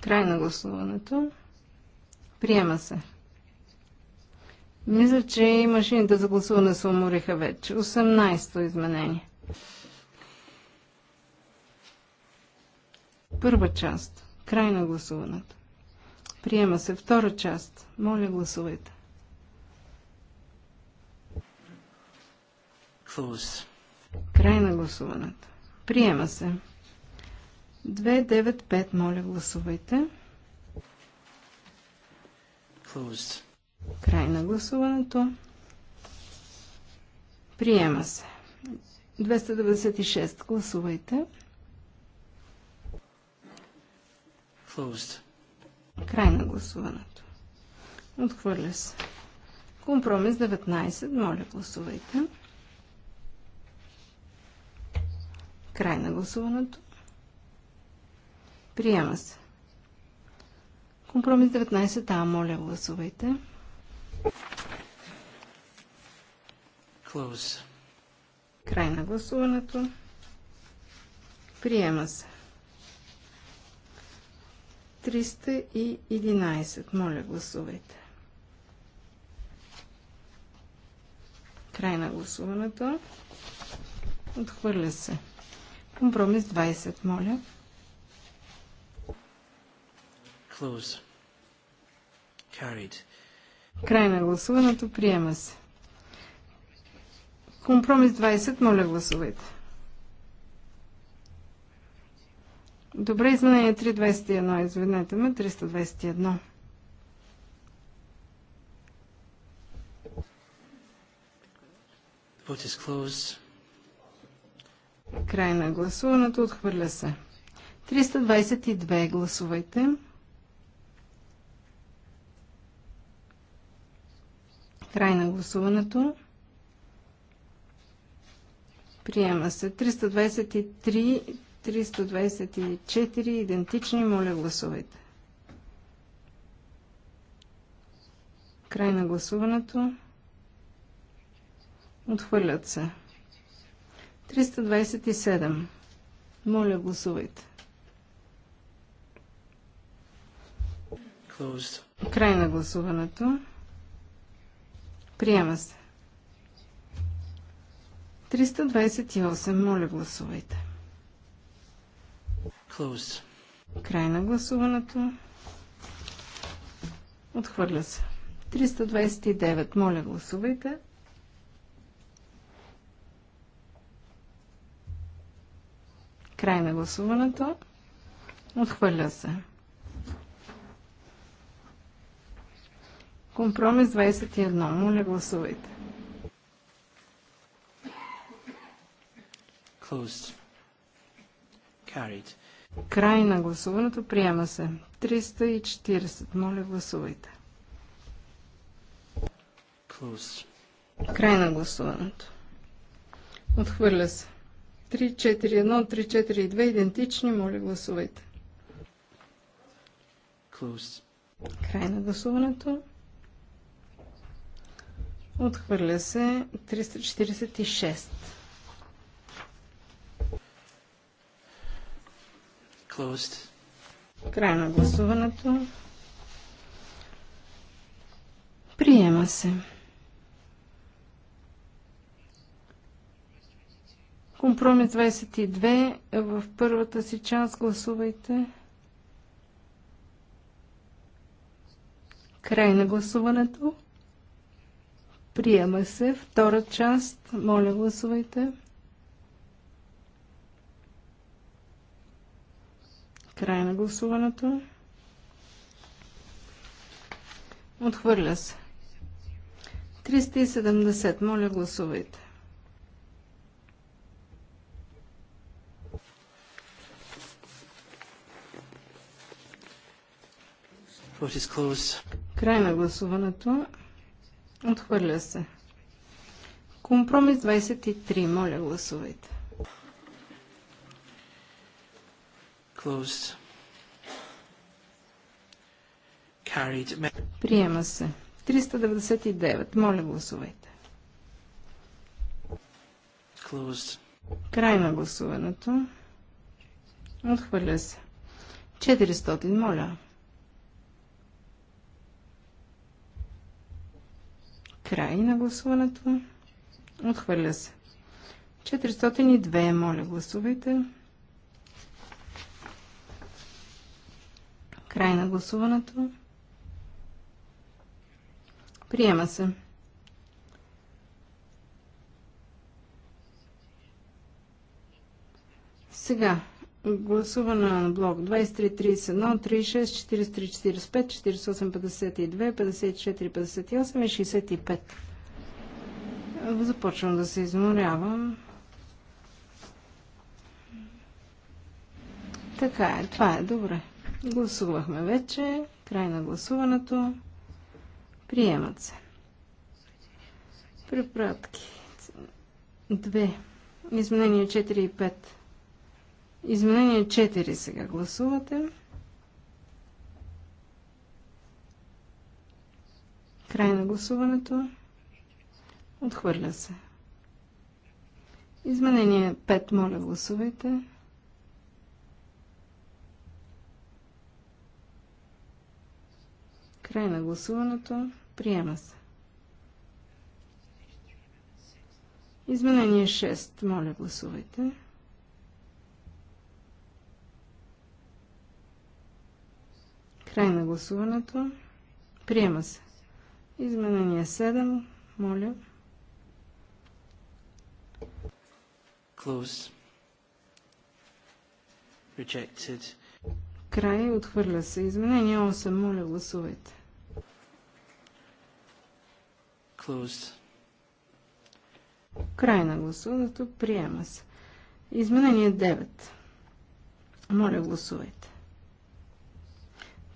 Край на гласуването. Приема се. Мисля, че и машините за гласуване се умориха вече. 18-то изменение. Първа част. Край на гласуването. Приема се втора част. Моля, гласувайте. Край на гласуването. Приема се. 295, моля гласувайте. Closed. Край на гласуването. Приема се. 296, гласувайте. Closed. Край на гласуването. Отхвърля се. Компромис 19, моля гласувайте. Край на гласуването. Приема се. Компромис 19А, моля гласувайте. Close. Край на гласуването. Приема се. 311. Моля, гласувайте. Край на гласуването. Отхвърля се. Компромис 20. Моля. Close. Carried. Край на гласуването. Приема се. Компромис 20. Моля гласувайте. Добре, изменение 321. Извинете ме. 321. Край на гласуването. Отхвърля се. 322. Гласувайте. Край на гласуването. Приема се. 323, 324 идентични. Моля, гласувайте. Край на гласуването. Отхвърлят се. 327. Моля, гласувайте. Closed. Край на гласуването. Приема се. 328. Моля, гласувайте. Close. Край на гласуването. Отхвърля се. 329. Моля, гласувайте. Край на гласуването. Отхвърля се. Компромис 21. Моля, гласувайте. Closed. Carried. Край на гласуването. Приема се. 340. Моля, гласувайте. Closed. Край на гласуването. Отхвърля се. 341, 342 идентични. Моля, гласувайте. Closed. Край на гласуването. Отхвърля се 346. Closed. Край на гласуването. Приема се. Компромис 22 в първата си част гласувайте. Край на гласуването. Приема се. Втора част. Моля, гласувайте. Край на гласуването. Отхвърля се. 370. Моля, гласувайте. Край на гласуването. Отхвърля се. Компромис 23. Моля, гласувайте. Closed. Carried. Приема се. 399. Моля, гласувайте. Closed. Край на гласуването. Отхвърля се. 400. Моля. Край на гласуването. Отхвърля се. 402, моля гласувайте. Край на гласуването. Приема се. Сега Гласуване на блок 2331, 36, 43, 45, 48, 52, 54, 58 и 65. Започвам да се изморявам. Така е, това е добре. Гласувахме вече. Край на гласуването. Приемат се. Препратки. 2. Изменения 4 и 5. Изменение 4 сега гласувате. Край на гласуването. Отхвърля се. Изменение 5, моля гласувайте. Край на гласуването. Приема се. Изменение 6, моля гласувайте. Край на гласуването. Приема се. Изменение 7. Моля. Close. Rejected. Край. Отхвърля се. Изменение 8. Моля, гласувайте. Closed. Край на гласуването. Приема се. Изменение 9. Моля, гласувайте.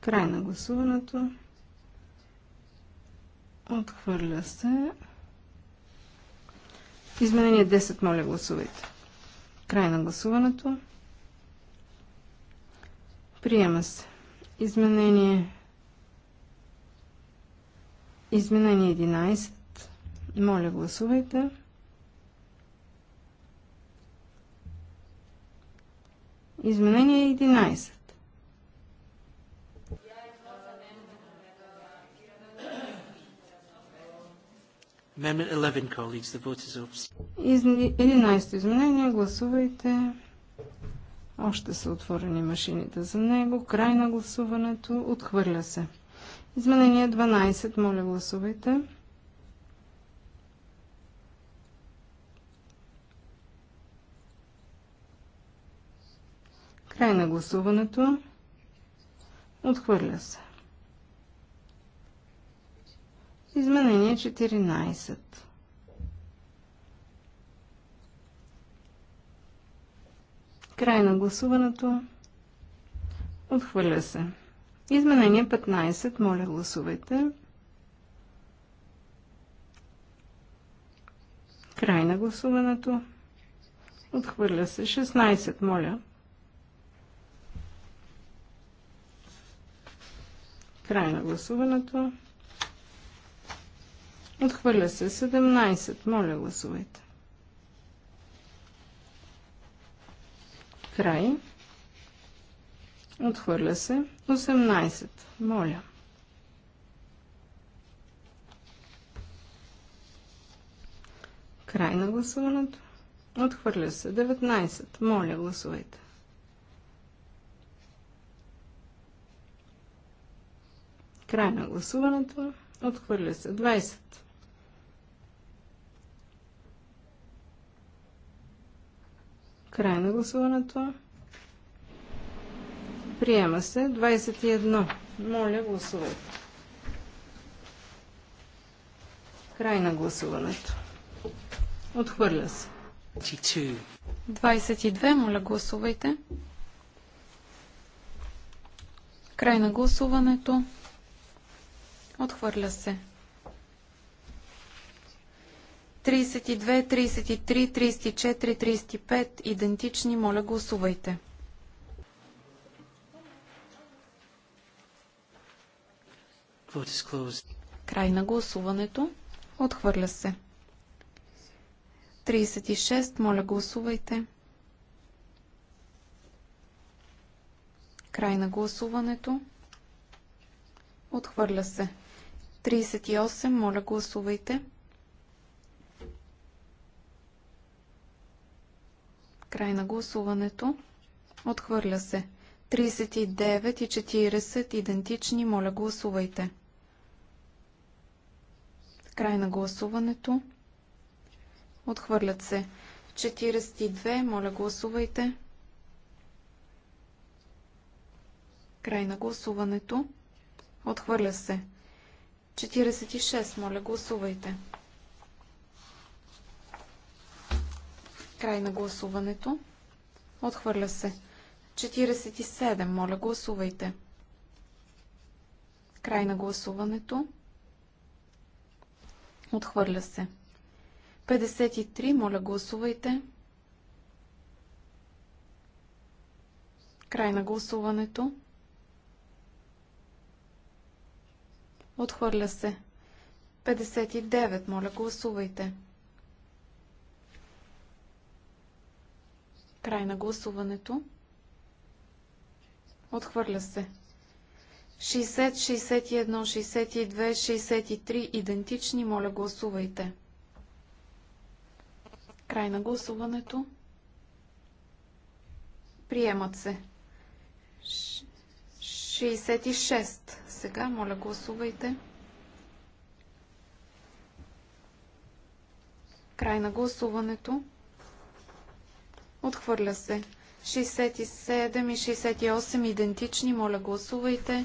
Край на гласуването. Отхвърля се. Изменение 10, моля гласувайте. Край на гласуването. Приема се. Изменение Изменение 11. Моля гласувайте. Изменение 11. Amendment 11, colleagues. The vote is 11 изменение. Гласувайте. Още са отворени машините за него. Край на гласуването. Отхвърля се. Изменение 12. Моля, гласувайте. Край на гласуването. Отхвърля се. Изменение 14. Край на гласуването. Отхвърля се. Изменение 15. Моля, гласувайте. Край на гласуването. Отхвърля се. 16. Моля. Край на гласуването. Отхвърля се 17. Моля, гласувайте. Край. Отхвърля се 18. Моля. Край на гласуването. Отхвърля се 19. Моля, гласувайте. Край на гласуването. Отхвърля се 20. Край на гласуването. Приема се. 21. Моля, гласувайте. Край на гласуването. Отхвърля се. 22. Моля, гласувайте. Край на гласуването. Отхвърля се. 32, 33, 34, 35 идентични. Моля, гласувайте. Край на гласуването. Отхвърля се. 36. Моля, гласувайте. Край на гласуването. Отхвърля се. 38. Моля, гласувайте. Край на гласуването. Отхвърля се. 39 и 40 идентични. Моля, гласувайте. Край на гласуването. Отхвърлят се. 42. Моля, гласувайте. Край на гласуването. Отхвърля се. 46. Моля, гласувайте. Край на гласуването. Отхвърля се. 47. Моля, гласувайте. Край на гласуването. Отхвърля се. 53. Моля, гласувайте. Край на гласуването. Отхвърля се. 59. Моля, гласувайте. Край на гласуването. Отхвърля се. 60, 61, 62, 63 идентични. Моля, гласувайте. Край на гласуването. Приемат се. 66. Сега, моля, гласувайте. Край на гласуването. Отхвърля се. 67 и 68 идентични. Моля, гласувайте.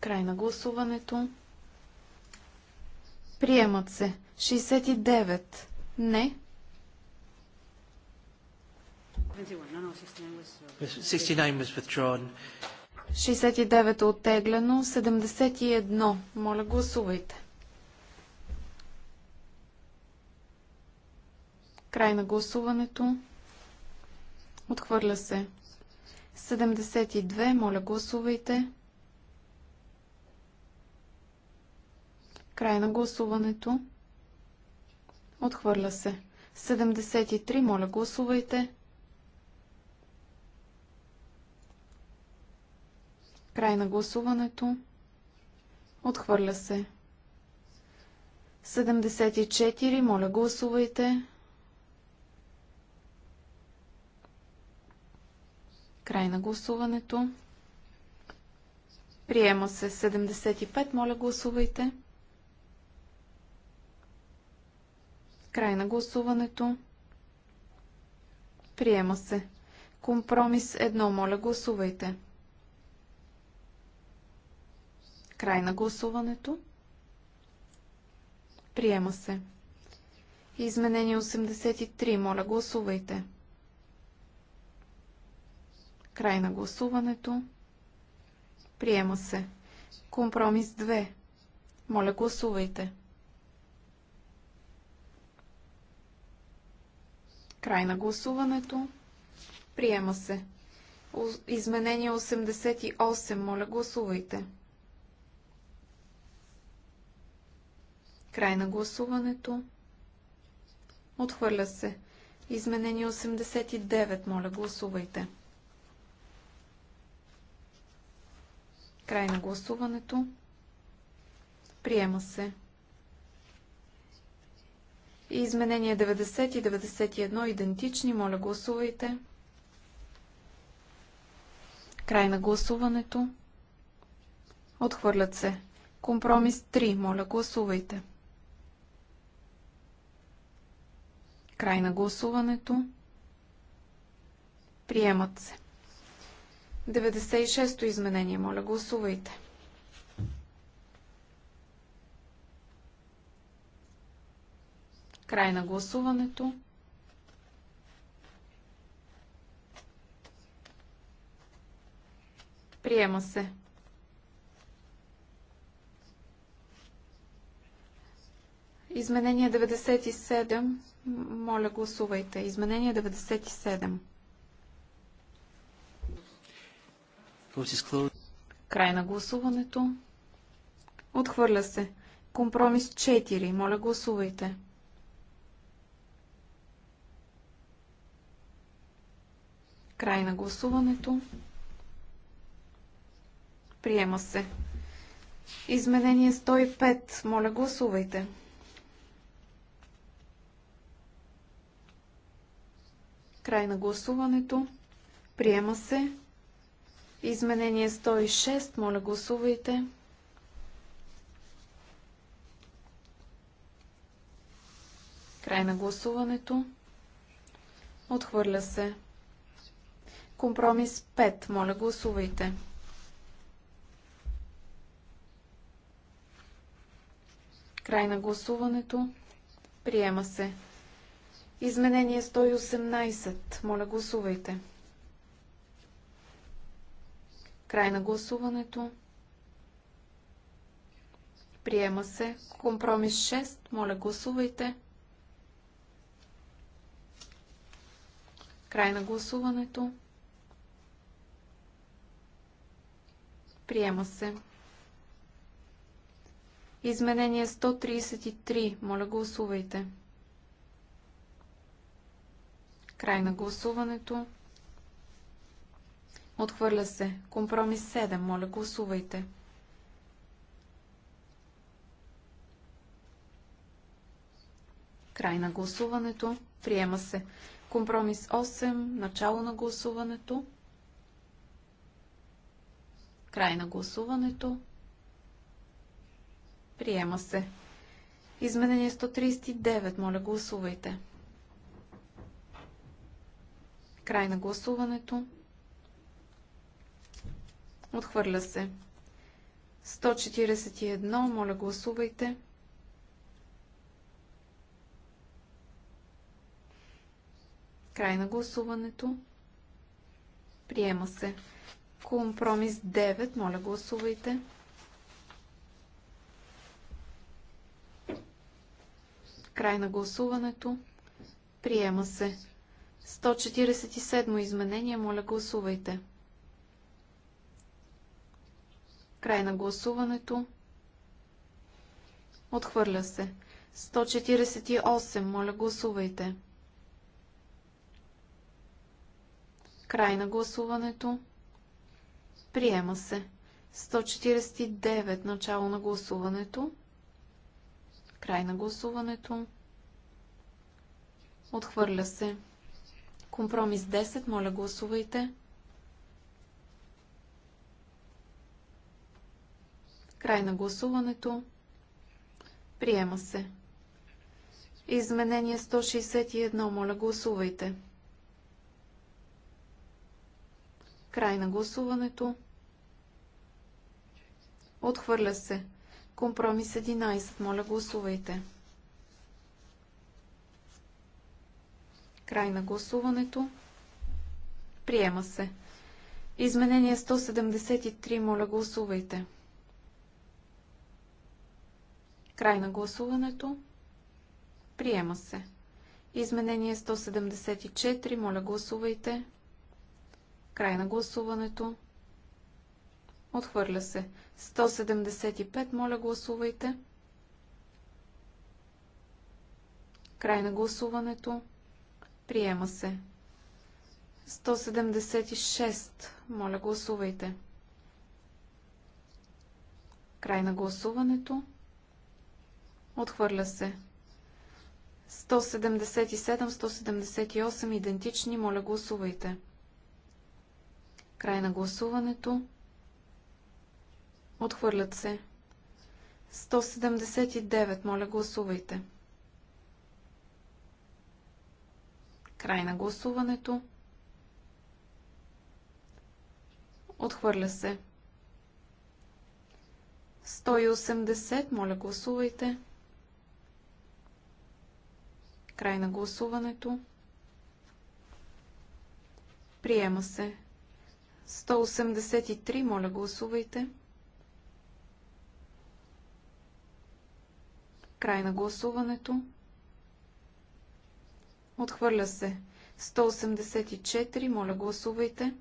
Край на гласуването. Приемат се. 69. Не. 69 е оттеглено. 71. Моля, гласувайте. Край на гласуването. Отхвърля се. 72. Моля, гласувайте. Край на гласуването. Отхвърля се. 73. Моля, гласувайте. Край на гласуването. Отхвърля се. 74. Моля, гласувайте. Край на гласуването. Приема се 75. Моля, гласувайте. Край на гласуването. Приема се. Компромис 1. Моля, гласувайте. Край на гласуването. Приема се. Изменение 83. Моля, гласувайте. Край на гласуването. Приема се. Компромис 2. Моля, гласувайте. Край на гласуването. Приема се. Изменение 88. Моля, гласувайте. Край на гласуването. Отхвърля се. Изменение 89. Моля, гласувайте. Край на гласуването. Приема се. И изменения 90 и 91 идентични. Моля, гласувайте. Край на гласуването. Отхвърлят се. Компромис 3. Моля, гласувайте. Край на гласуването. Приемат се. 96-то изменение. Моля, гласувайте. Край на гласуването. Приема се. Изменение 97. Моля, гласувайте. Изменение 97. Край на гласуването. Отхвърля се. Компромис 4. Моля, гласувайте. Край на гласуването. Приема се. Изменение 105. Моля, гласувайте. Край на гласуването. Приема се. Изменение 106. Моля, гласувайте. Край на гласуването. Отхвърля се. Компромис 5. Моля, гласувайте. Край на гласуването. Приема се. Изменение 118. Моля, гласувайте. Край на гласуването. Приема се. Компромис 6. Моля, гласувайте. Край на гласуването. Приема се. Изменение 133. Моля, гласувайте. Край на гласуването. Отхвърля се. Компромис 7. Моля, гласувайте. Край на гласуването. Приема се. Компромис 8. Начало на гласуването. Край на гласуването. Приема се. Изменение 139. Моля, гласувайте. Край на гласуването. Отхвърля се. 141. Моля, гласувайте. Край на гласуването. Приема се. Компромис 9. Моля, гласувайте. Край на гласуването. Приема се. 147 изменение. Моля, гласувайте. Край на гласуването. Отхвърля се. 148. Моля, гласувайте. Край на гласуването. Приема се. 149. Начало на гласуването. Край на гласуването. Отхвърля се. Компромис 10. Моля, гласувайте. Край на гласуването. Приема се. Изменение 161. Моля, гласувайте. Край на гласуването. Отхвърля се. Компромис 11. Моля, гласувайте. Край на гласуването. Приема се. Изменение 173. Моля, гласувайте. Край на гласуването. Приема се. Изменение 174. Моля гласувайте. Край на гласуването. Отхвърля се. 175. Моля гласувайте. Край на гласуването. Приема се. 176. Моля гласувайте. Край на гласуването. Отхвърля се. 177, 178 идентични. Моля, гласувайте. Край на гласуването. Отхвърлят се. 179. Моля, гласувайте. Край на гласуването. Отхвърля се. 180. Моля, гласувайте. Край на гласуването. Приема се. 183, моля гласувайте. Край на гласуването. Отхвърля се. 184, моля гласувайте.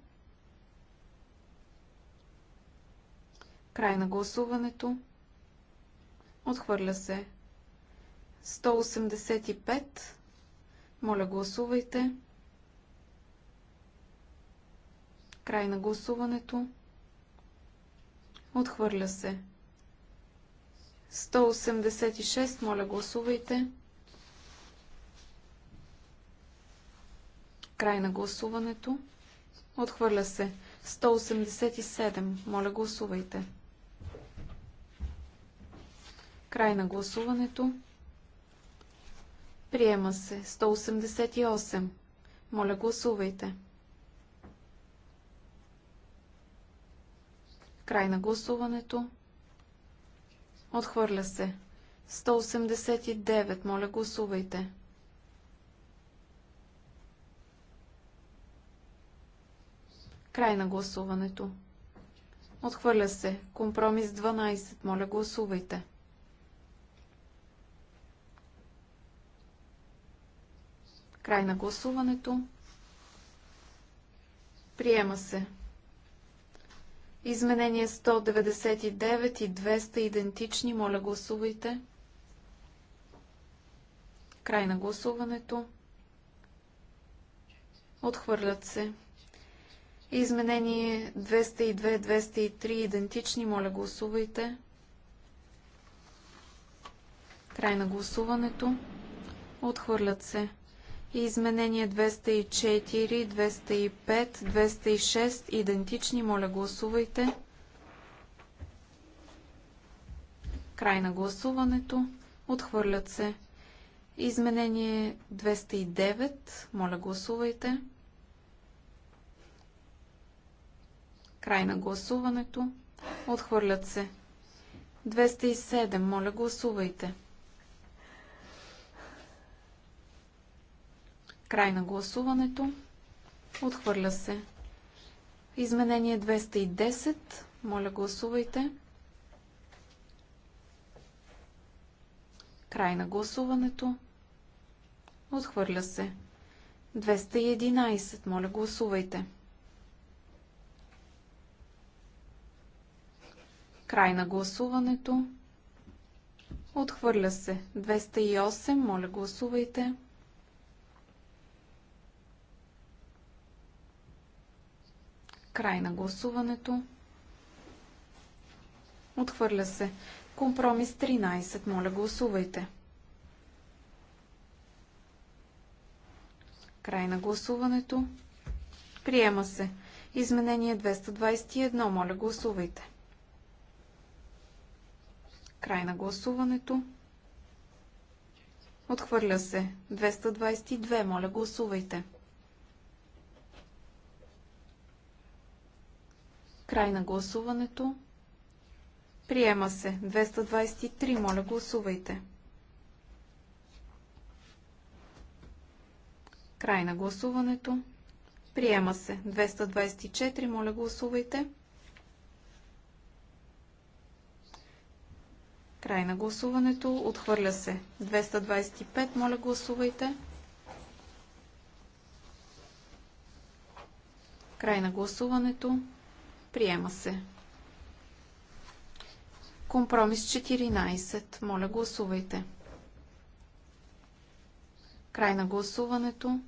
Край на гласуването. Отхвърля се. 185. Моля, гласувайте. Край на гласуването. Отхвърля се. 186. Моля, гласувайте. Край на гласуването. Отхвърля се. 187. Моля, гласувайте. Край на гласуването. Приема се. 188. Моля, гласувайте. Край на гласуването. Отхвърля се. 189. Моля, гласувайте. Край на гласуването. Отхвърля се. Компромис 12. Моля, гласувайте. Край на гласуването. Приема се. Изменение 199 и 200 идентични. Моля, гласувайте. Край на гласуването. Отхвърлят се. Изменение 202, 203 идентични. Моля, гласувайте. Край на гласуването. Отхвърлят се. Изменение 204, 205, 206 идентични. Моля, гласувайте. Край на гласуването. Отхвърлят се. Изменение 209. Моля, гласувайте. Край на гласуването. Отхвърлят се. 207. Моля, гласувайте. Край на гласуването. Отхвърля се. Изменение 210. Моля, гласувайте. Край на гласуването. Отхвърля се. 211. Моля, гласувайте. Край на гласуването. Отхвърля се. 208. Моля, гласувайте. Край на гласуването. Отхвърля се. Компромис 13. Моля, гласувайте. Край на гласуването. Приема се. Изменение 221. Моля, гласувайте. Край на гласуването. Отхвърля се. 222. Моля, гласувайте. Край на гласуването. Приема се. 223. Моля, гласувайте. Край на гласуването. Приема се. 224. Моля, гласувайте. Край на гласуването. Отхвърля се. 225. Моля, гласувайте. Край на гласуването. Приема се. Компромис 14. Моля, гласувайте. Край на гласуването.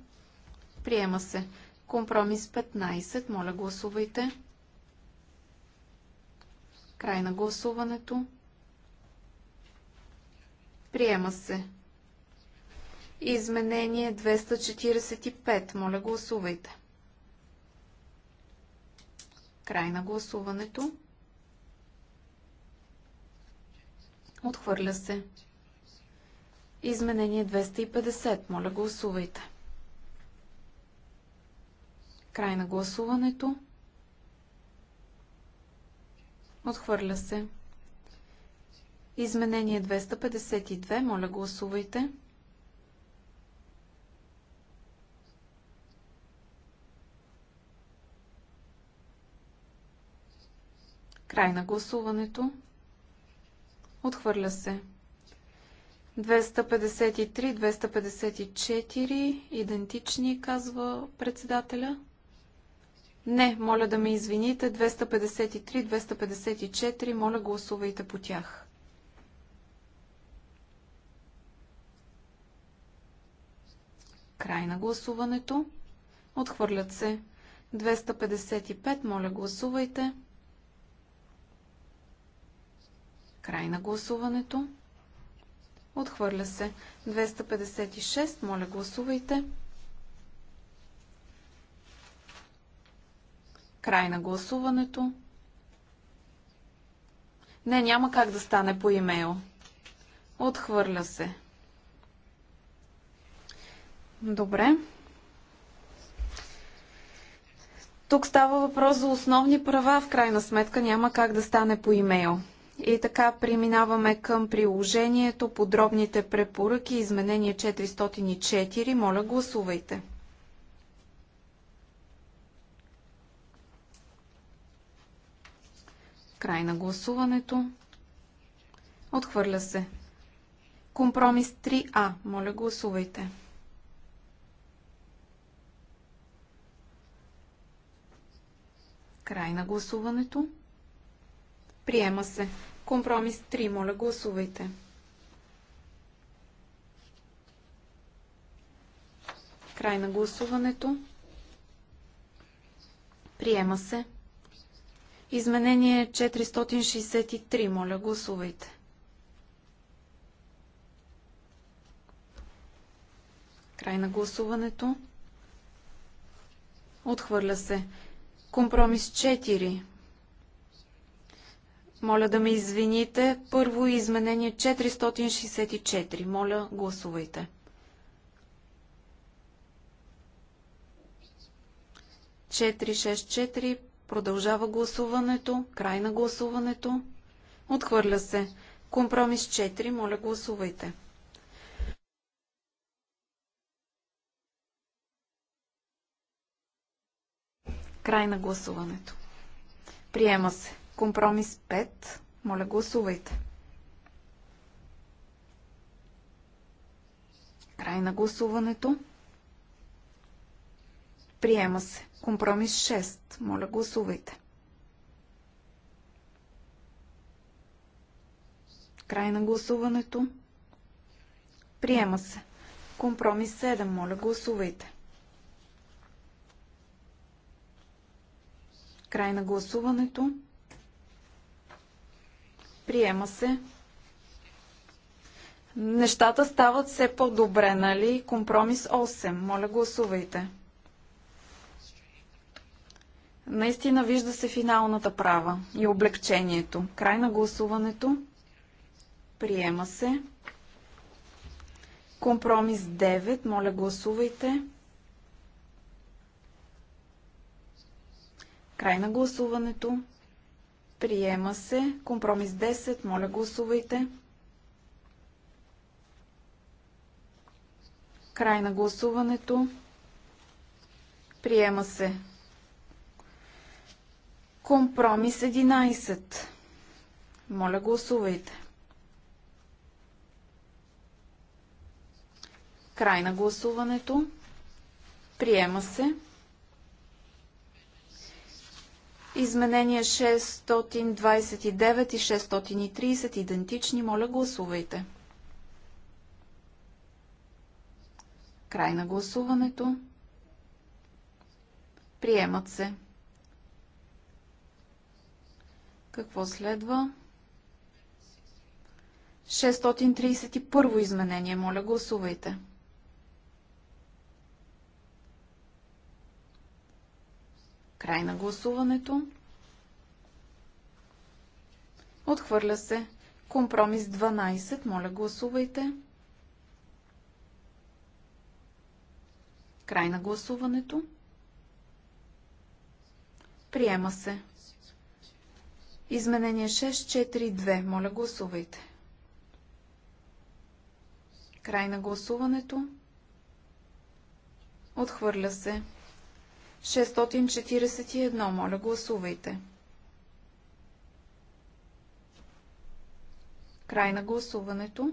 Приема се. Компромис 15. Моля, гласувайте. Край на гласуването. Приема се. Изменение 245. Моля, гласувайте. Край на гласуването. Отхвърля се. Изменение 250. Моля, гласувайте. Край на гласуването. Отхвърля се. Изменение 252. Моля, гласувайте. Край на гласуването. Отхвърля се. 253, 254, идентични, казва председателя. Не, моля да ме извините, 253, 254, моля гласувайте по тях. Край на гласуването. Отхвърлят се. 255, моля гласувайте. Край на гласуването. Отхвърля се. 256. Моля, гласувайте. Край на гласуването. Не, няма как да стане по имейл. Отхвърля се. Добре. Тук става въпрос за основни права. В крайна сметка няма как да стане по имейл. И така преминаваме към приложението, подробните препоръки, изменение 404. Моля, гласувайте. Край на гласуването. Отхвърля се. Компромис 3А. Моля, гласувайте. Край на гласуването. Приема се. Компромис 3. Моля, гласувайте. Край на гласуването. Приема се. Изменение 463. Моля, гласувайте. Край на гласуването. Отхвърля се. Компромис 4. Моля да ме извините. Първо изменение 464. Моля, гласувайте. Четири, шест, четири. Продължава гласуването. Край на гласуването. Отхвърля се. Компромис 4. Моля, гласувайте. Край на гласуването. Приема се. Компромис 5. Моля, гласувайте. Край на гласуването. Приема се. Компромис 6. Моля, гласувайте. Край на гласуването. Приема се. Компромис 7. Моля, гласувайте. Край на гласуването. Приема се. Нещата стават все по-добре, нали? Компромис 8. Моля, гласувайте. Наистина вижда се финалната права и облегчението. Край на гласуването. Приема се. Компромис 9. Моля, гласувайте. Край на гласуването. Приема се. Компромис 10. Моля гласувайте. Край на гласуването. Приема се. Компромис 11. Моля гласувайте. Край на гласуването. Приема се. Изменения 629 и 630 идентични. Моля, гласувайте. Край на гласуването. Приемат се. Какво следва? 631 изменение. Моля, гласувайте. Край на гласуването. Отхвърля се. Компромис 12. Моля, гласувайте. Край на гласуването. Приема се. Изменение 642. Моля, гласувайте. Край на гласуването. Отхвърля се. 641. Моля, гласувайте. Край на гласуването.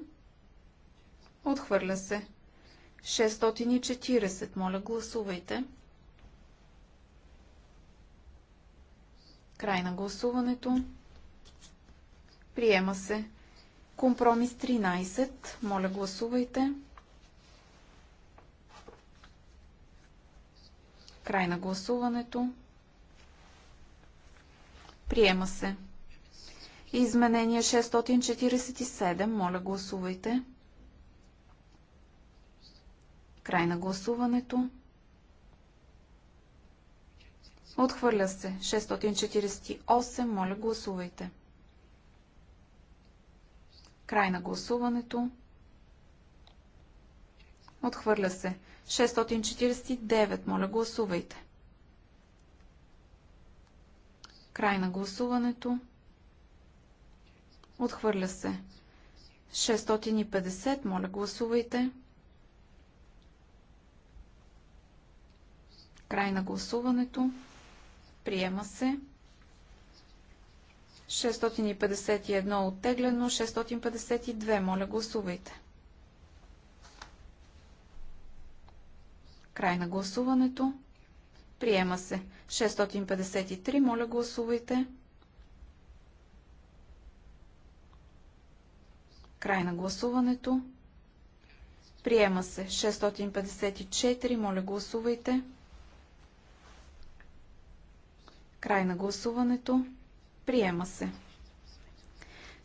Отхвърля се. 640. Моля, гласувайте. Край на гласуването. Приема се. Компромис 13. Моля, гласувайте. Край на гласуването. Приема се. Изменение 647. Моля, гласувайте. Край на гласуването. Отхвърля се. 648. Моля, гласувайте. Край на гласуването. Отхвърля се. 649. Моля, гласувайте. Край на гласуването. Отхвърля се. 650. Моля, гласувайте. Край на гласуването. Приема се. 651 оттеглено. 652. Моля, гласувайте. Край на гласуването. Приема се. 653. Моля гласувайте. Край на гласуването. Приема се. 654. Моля гласувайте. Край на гласуването. Приема се.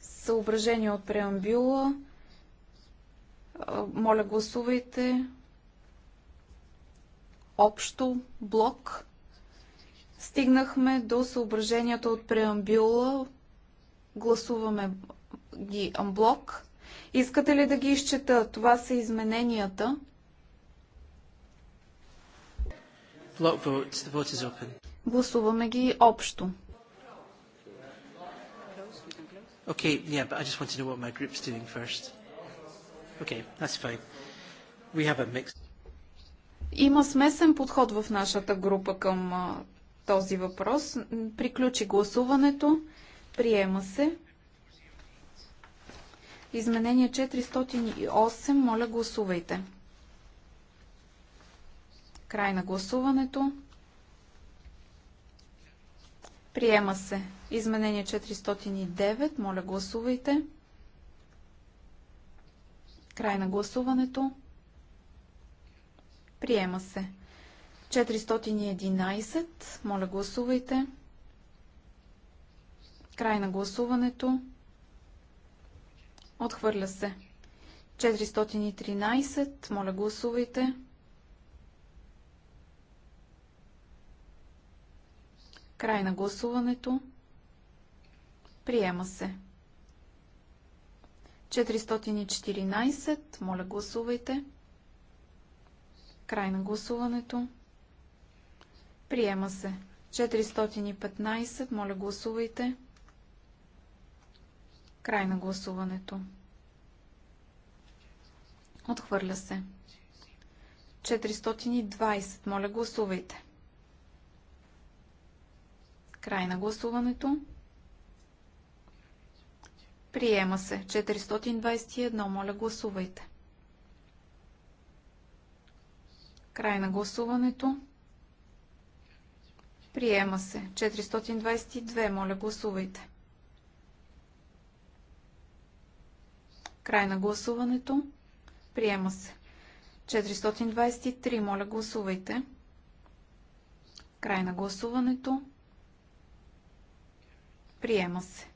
Съображение от преамбюла. Моля гласувайте общо блок. Стигнахме до съображенията от преамбюла. Гласуваме ги амблок. Искате ли да ги изчета? Това са измененията. Гласуваме ги общо. Okay, yeah, but I just want to know what my group's doing first. Okay, that's fine. We have a mixed... Има смесен подход в нашата група към а, този въпрос. Приключи гласуването. Приема се. Изменение 408. Моля, гласувайте. Край на гласуването. Приема се. Изменение 409. Моля, гласувайте. Край на гласуването. Приема се. 411. Моля, гласувайте. Край на гласуването. Отхвърля се. 413. Моля, гласувайте. Край на гласуването. Приема се. 414. Моля, гласувайте. Край на гласуването. Приема се. 415. Моля, гласувайте. Край на гласуването. Отхвърля се. 420. Моля, гласувайте. Край на гласуването. Приема се. 421. Моля, гласувайте. Край на гласуването. Приема се. 422. Моля, гласувайте. Край на гласуването. Приема се. 423. Моля, гласувайте. Край на гласуването. Приема се.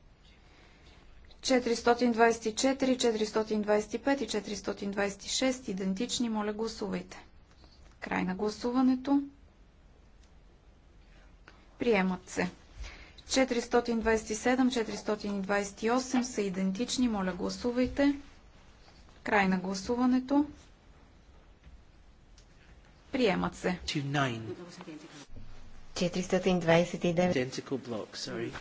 424, 425 и 426 идентични. Моля, гласувайте. Край на гласуването. Приемат се. 427, 428 са идентични. Моля, гласувайте. Край на гласуването. Приемат се. 429.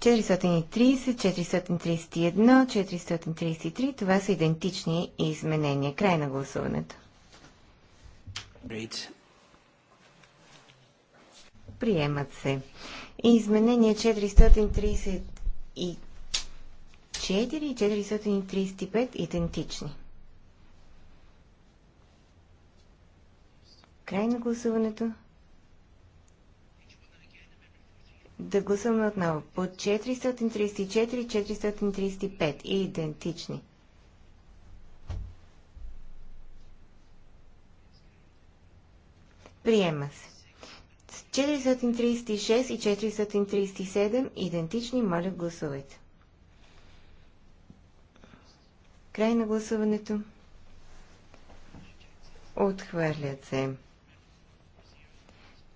430, 431, 433. Това са идентични изменения. Край на гласуването. Great. Приемат се. Изменения 434 и 435 идентични. Край на гласуването. Да гласуваме отново. По 434 и 435. И идентични. Приема се. 436 и 437 идентични, моля гласувайте. Край на гласуването. Отхвърлят се.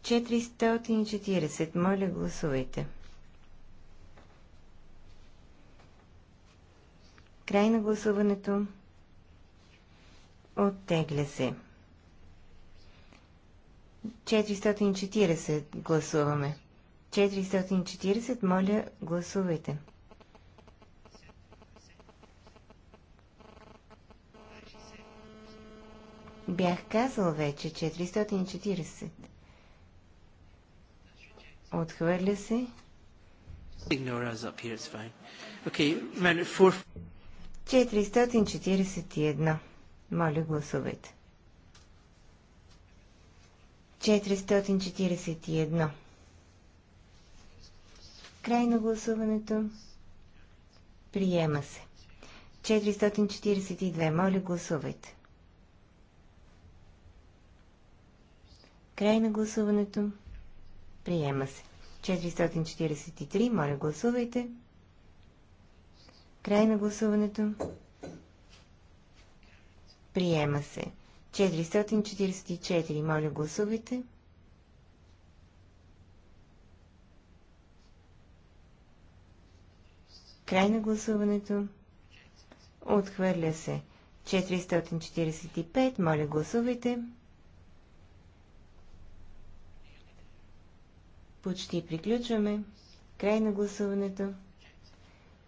440. Моля, гласувайте. Край на гласуването. Оттегля се. 440 гласуваме. 440, моля, гласувайте. Бях казал вече 440. Отхвърля се. Ignore us up here, it's fine. Okay, 441. Моля, гласувайте. 441. Край на гласуването. Приема се. 442. Моля, гласувайте. Край на гласуването. Приема се. 443. Моля, гласувайте. Край на гласуването. Приема се. 444. Моля, гласувайте. Край на гласуването. Отхвърля се. 445. Моля, гласувайте. Почти приключваме. Край на гласуването.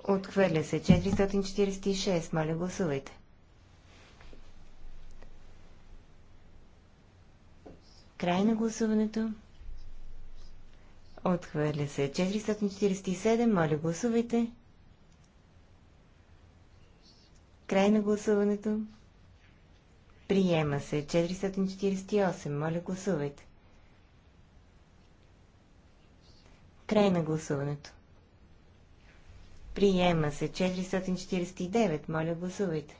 Отхвърля се 446. Моля, гласувайте. Край на гласуването. Отхвърля се 447. Моля, гласувайте. Край на гласуването. Приема се 448. Моля, гласувайте. Край на гласуването. Приема се 449. Моля, гласувайте.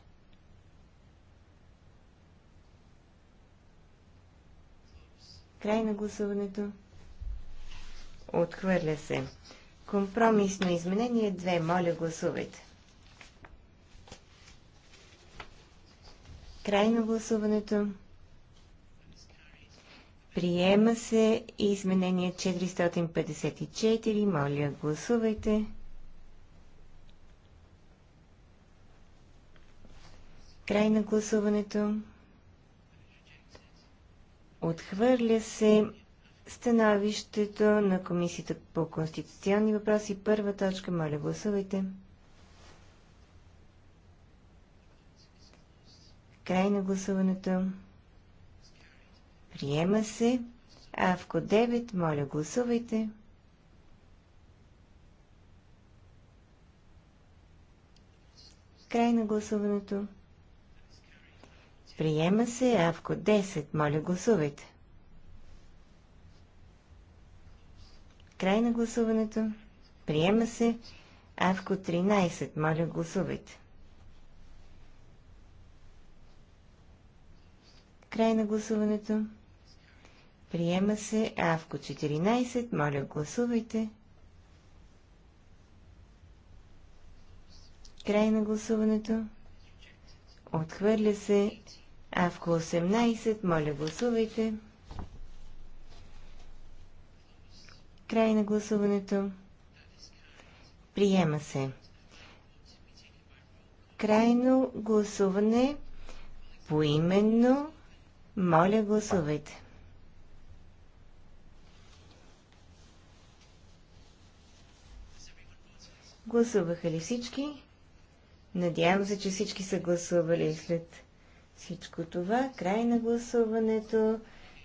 Край на гласуването. Отхвърля се. Компромисно изменение 2. Моля, гласувайте. Край на гласуването. Приема се изменение 454. Моля, гласувайте. Край на гласуването. Отхвърля се становището на Комисията по конституционни въпроси. Първа точка. Моля, гласувайте. Край на гласуването. Приема се. Авко 9. Моля, гласувайте. Край на гласуването. Приема се. Авко 10. Моля, гласувайте. Край на гласуването. Приема се. Авко 13. Моля, гласувайте. Край на гласуването. Приема се Авко 14. Моля, гласувайте. Край на гласуването. Отхвърля се Авко 18. Моля, гласувайте. Край на гласуването. Приема се. Крайно гласуване поименно. Моля, гласувайте. Гласуваха ли всички? Надявам се, че всички са гласували след всичко това. Край на гласуването.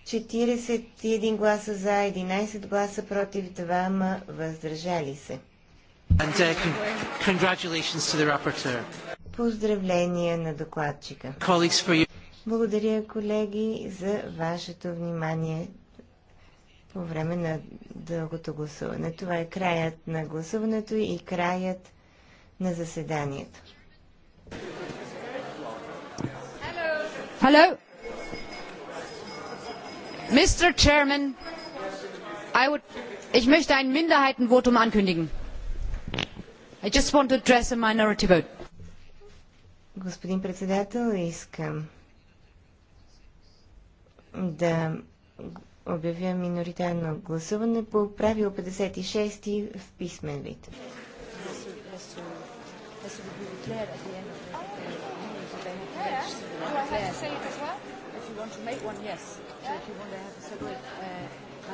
41 гласа за, 11 гласа против, 2 ма, въздържали се. And, uh, congratulations to the rapporteur. Поздравления на докладчика. Благодаря, колеги, за вашето внимание по време на дългото гласуване. Това е краят на гласуването и краят на заседанието. Hello. Mr. Chairman, I would, ich möchte ein Minderheitenvotum ankündigen. I just want to address a minority vote. Господин председател, искам да обявя миноритарно гласуване по правило 56 в писмен вид.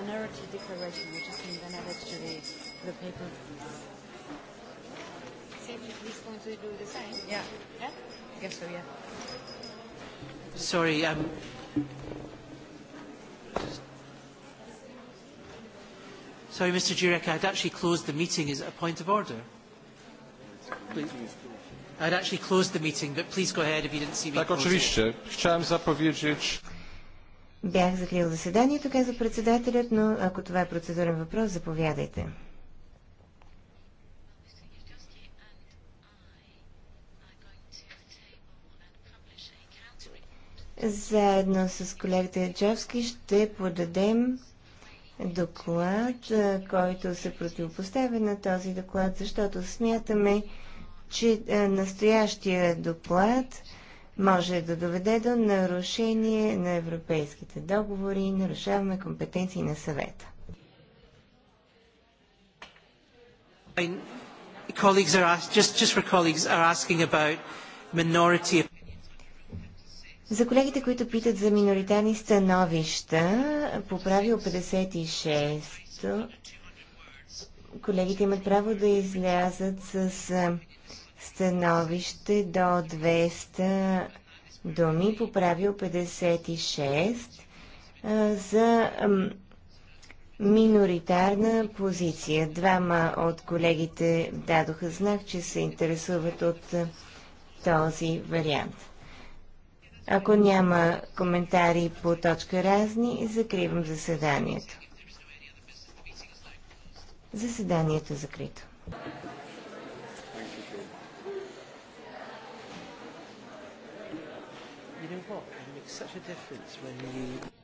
minority declaration, which has been then added to the, the paper. Same, he's going to do the same? Yeah. Yeah? I guess so, yeah. Sorry, um, Sorry, Mr. Jurek, I'd actually closed the meeting. Is it a point of order? Please. I'd actually closed the meeting, but please go ahead if you didn't see me. Tak, oczywiście. Chciałem zapowiedzieć. Бях закрил заседанието, каза председателят, но ако това е процедурен въпрос, заповядайте. Заедно с колегата Ячовски ще подадем доклад, който се противопоставя на този доклад, защото смятаме, че настоящия доклад може да доведе до нарушение на европейските договори и нарушаваме компетенции на съвета. Colleagues are asked, just, just for colleagues are asking about minority за колегите, които питат за миноритарни становища, по правило 56 колегите имат право да излязат с становище до 200 думи по правило 56 за миноритарна позиция. Двама от колегите дадоха знак, че се интересуват от този вариант. Ако няма коментари по точка разни, закривам заседанието. Заседанието е закрито. You such a difference when you